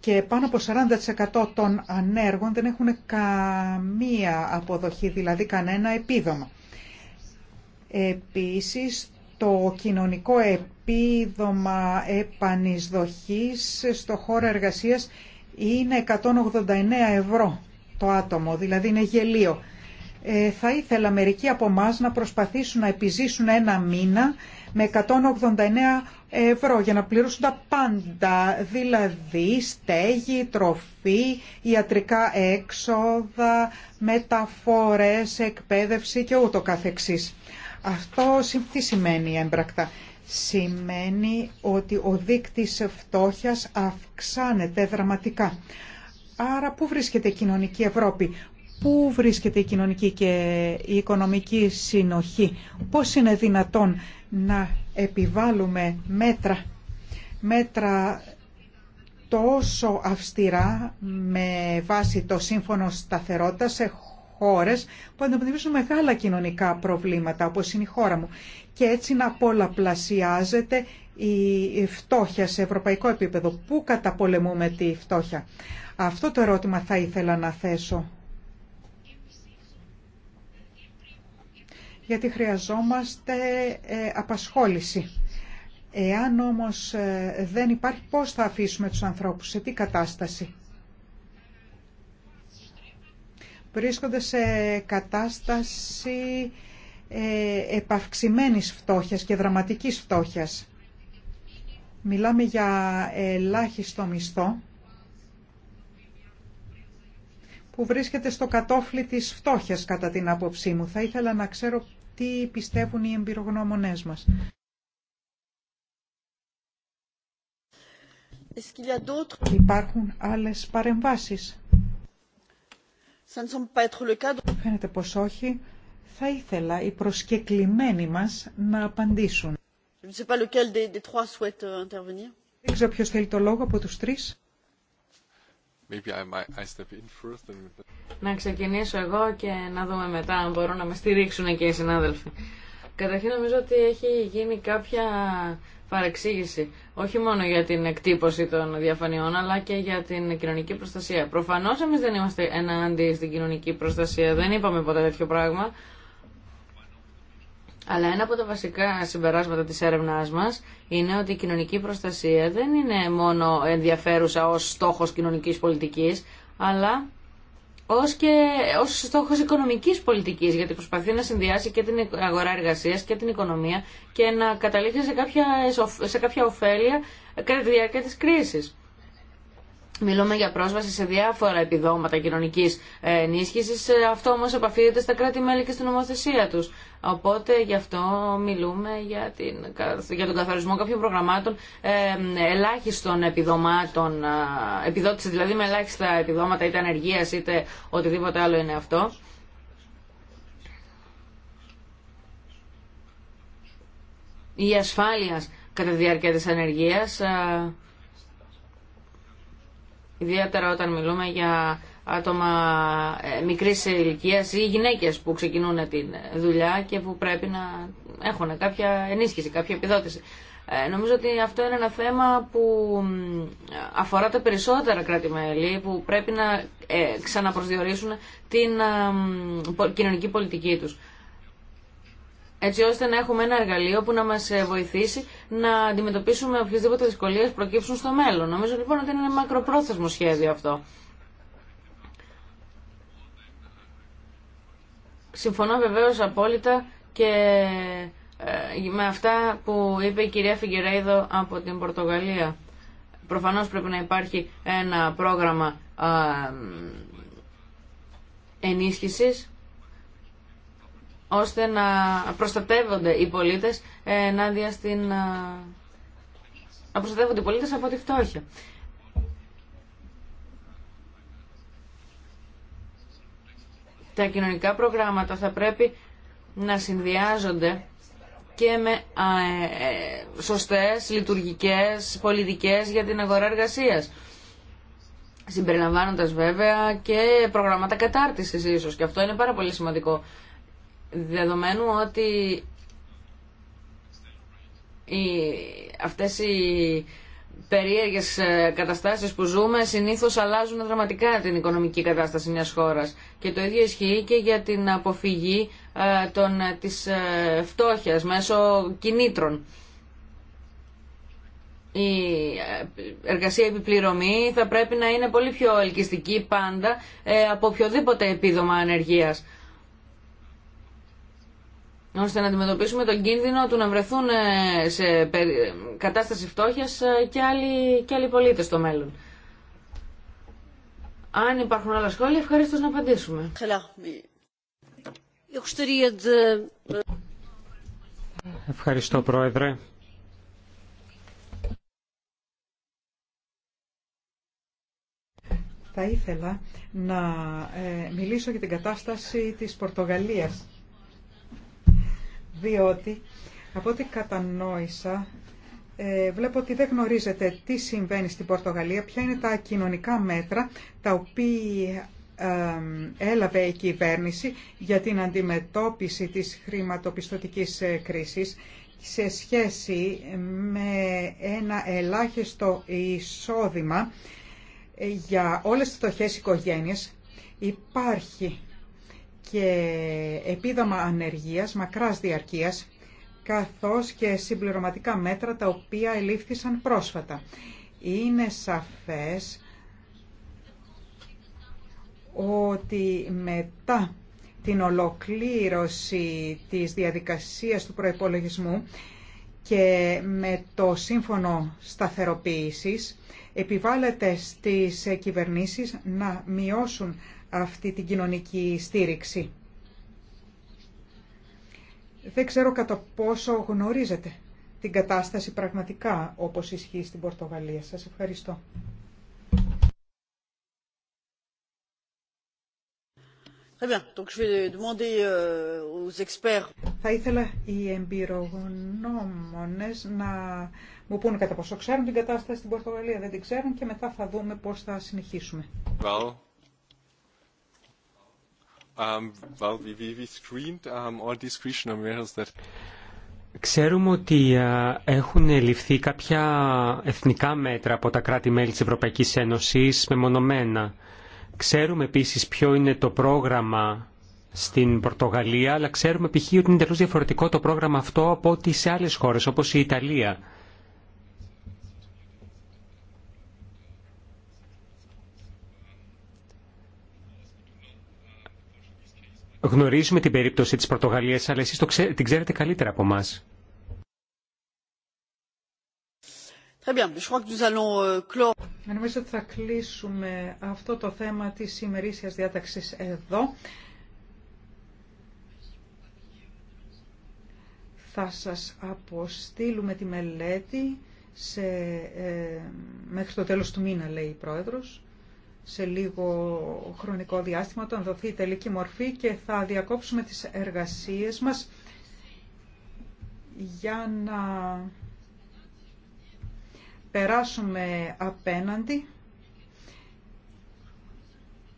και πάνω από 40% των ανέργων δεν έχουν καμία αποδοχή, δηλαδή κανένα επίδομα. Επίσης, το κοινωνικό επίδομα επανεισδοχής στο χώρο εργασίας είναι 189 ευρώ το άτομο, δηλαδή είναι γελίο. Ε, θα ήθελα μερικοί από εμά να προσπαθήσουν να επιζήσουν ένα μήνα με 189 ευρώ για να πληρώσουν τα πάντα, δηλαδή στέγη, τροφή, ιατρικά έξοδα, μεταφορές, εκπαίδευση και ούτω καθεξής. Αυτό τι σημαίνει έμπρακτα. Σημαίνει ότι ο δείκτης φτώχειας αυξάνεται δραματικά. Άρα πού βρίσκεται η κοινωνική Ευρώπη, πού βρίσκεται η κοινωνική και η οικονομική συνοχή, πώς είναι δυνατόν να επιβάλλουμε μέτρα, μέτρα τόσο αυστηρά με βάση το σύμφωνο σταθερότητας χώρες που αντιμετωπίζουν μεγάλα κοινωνικά προβλήματα, όπως είναι η χώρα μου. Και έτσι να πολλαπλασιάζεται η φτώχεια σε ευρωπαϊκό επίπεδο. Πού καταπολεμούμε τη φτώχεια. Αυτό το ερώτημα θα ήθελα να θέσω. Γιατί χρειαζόμαστε ε, απασχόληση. Εάν όμως ε, δεν υπάρχει, πώς θα αφήσουμε τους ανθρώπους, σε τι κατάσταση. βρίσκονται σε κατάσταση ε, επαυξημένης φτώχειας και δραματικής φτώχειας. Μιλάμε για ελάχιστο μισθό που βρίσκεται στο κατόφλι της φτώχειας κατά την άποψή μου. Θα ήθελα να ξέρω τι πιστεύουν οι εμπειρογνώμονές μας. Υπάρχουν άλλες παρεμβάσεις. Φαίνεται πως όχι. Θα ήθελα οι προσκεκλημένοι μας να απαντήσουν. Euh, Δεν ξέρω ποιος θέλει το λόγο από τους τρεις. Να ξεκινήσω εγώ και να δούμε μετά αν μπορούν να με στηρίξουν και οι συνάδελφοι. Καταρχήν νομίζω ότι έχει γίνει κάποια παρεξήγηση. Όχι μόνο για την εκτύπωση των διαφανειών, αλλά και για την κοινωνική προστασία. Προφανώ εμεί δεν είμαστε ενάντια στην κοινωνική προστασία. Δεν είπαμε ποτέ τέτοιο πράγμα. Αλλά ένα από τα βασικά συμπεράσματα της έρευνάς μας είναι ότι η κοινωνική προστασία δεν είναι μόνο ενδιαφέρουσα ως στόχος κοινωνικής πολιτικής, αλλά ως και ως στόχος οικονομικής πολιτικής, γιατί προσπαθεί να συνδυάσει και την αγορά εργασίας και την οικονομία και να καταλήξει σε κάποια, σε κάποια ωφέλεια κατά τη διάρκεια της κρίσης. Μιλούμε για πρόσβαση σε διάφορα επιδόματα κοινωνική ενίσχυση. Ε, αυτό όμω επαφείται στα κράτη-μέλη και στην νομοθεσία του. Οπότε γι' αυτό μιλούμε για, την, για τον καθαρισμό κάποιων προγραμμάτων ε, ελάχιστων επιδομάτων, ε, επιδότηση δηλαδή με ελάχιστα επιδόματα είτε ανεργία είτε οτιδήποτε άλλο είναι αυτό. Ή ασφάλεια κατά τη διάρκεια τη ανεργία Ιδιαίτερα όταν μιλούμε για άτομα ε, μικρής ηλικία ή γυναίκες που ξεκινούν τη δουλειά και που πρέπει να έχουν κάποια ενίσχυση, κάποια επιδότηση. Ε, νομίζω ότι αυτό είναι ένα θέμα που αφορά τα περισσότερα κράτη-μέλη που πρέπει να ε, ξαναπροσδιορίσουν την κοινωνική πολιτική τους έτσι ώστε να έχουμε ένα εργαλείο που να μας ε, βοηθήσει να αντιμετωπίσουμε οποιασδήποτε δυσκολίες προκύψουν στο μέλλον. Νομίζω λοιπόν ότι είναι ένα μακροπρόθεσμο σχέδιο αυτό. Συμφωνώ βεβαίως απόλυτα και ε, με αυτά που είπε η κυρία Φιγκερέιδο από την Πορτογαλία. Προφανώς πρέπει να υπάρχει ένα πρόγραμμα ενίσχυσης ώστε να προστατεύονται οι πολίτες ενάντια στην... να προστατεύονται οι πολίτες από τη φτώχεια. Τα κοινωνικά προγράμματα θα πρέπει να συνδυάζονται και με ε, ε, σωστές λειτουργικές πολιτικές για την αγορά εργασίας. Συμπεριλαμβάνοντας βέβαια και προγράμματα κατάρτισης ίσως και αυτό είναι πάρα πολύ σημαντικό δεδομένου ότι οι, αυτές οι περίεργες ε, καταστάσεις που ζούμε συνήθως αλλάζουν δραματικά την οικονομική κατάσταση μιας χώρας και το ίδιο ισχύει και για την αποφυγή ε, των, ε, της φτώχειας μέσω κινήτρων. Η εργασία επιπληρωμή θα πρέπει να είναι πολύ πιο ελκυστική πάντα από οποιοδήποτε επίδομα ανεργίας ώστε να αντιμετωπίσουμε τον κίνδυνο του να βρεθούν ε, σε ε, κατάσταση φτώχειας ε, και άλλοι, και άλλοι πολίτες στο μέλλον. Αν υπάρχουν άλλα σχόλια, ευχαριστώ να απαντήσουμε. Ευχαριστώ, Πρόεδρε. Θα ήθελα να μιλήσω για την κατάσταση της Πορτογαλίας διότι από ό,τι κατανόησα ε, βλέπω ότι δεν γνωρίζετε τι συμβαίνει στην Πορτογαλία, ποια είναι τα κοινωνικά μέτρα τα οποία έλαβε η κυβέρνηση για την αντιμετώπιση της χρηματοπιστωτικής ε, κρίσης σε σχέση με ένα ελάχιστο εισόδημα ε, για όλες τις φτωχές οικογένειες υπάρχει και επίδομα ανεργίας μακράς διαρκείας, καθώς και συμπληρωματικά μέτρα τα οποία ελήφθησαν πρόσφατα. Είναι σαφές ότι μετά την ολοκλήρωση της διαδικασίας του προϋπολογισμού και με το σύμφωνο σταθεροποίησης επιβάλλεται στις κυβερνήσεις να μειώσουν αυτή την κοινωνική στήριξη. Δεν ξέρω κατά πόσο γνωρίζετε την κατάσταση πραγματικά όπως ισχύει στην Πορτογαλία. Σας ευχαριστώ. Euh, θα ήθελα οι εμπειρογνώμονες να μου πούν κατά πόσο ξέρουν την κατάσταση στην Πορτογαλία, δεν την ξέρουν και μετά θα δούμε πώς θα συνεχίσουμε. Um, screened um, all that... Ξέρουμε ότι έχουν ληφθεί κάποια εθνικά μέτρα από τα κράτη-μέλη της Ευρωπαϊκής Ένωσης μεμονωμένα. Ξέρουμε επίσης ποιο είναι το πρόγραμμα στην Πορτογαλία, αλλά ξέρουμε π.χ. ότι είναι τελείως διαφορετικό το πρόγραμμα αυτό από ό,τι σε άλλες χώρες, όπως η Ιταλία. Γνωρίζουμε την περίπτωση της Πορτογαλίας, αλλά εσείς το την ξέρετε καλύτερα από εμάς. Νομίζω ότι θα κλείσουμε αυτό το θέμα της ημερήσιας διάταξης εδώ. Θα σας αποστείλουμε τη μελέτη σε, ε, μέχρι το τέλος του μήνα, λέει η Πρόεδρος σε λίγο χρονικό διάστημα, όταν δοθεί η τελική μορφή και θα διακόψουμε τις εργασίες μας για να περάσουμε απέναντι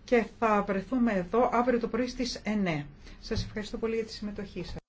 και θα βρεθούμε εδώ αύριο το πρωί στις 9. Σας ευχαριστώ πολύ για τη συμμετοχή σας.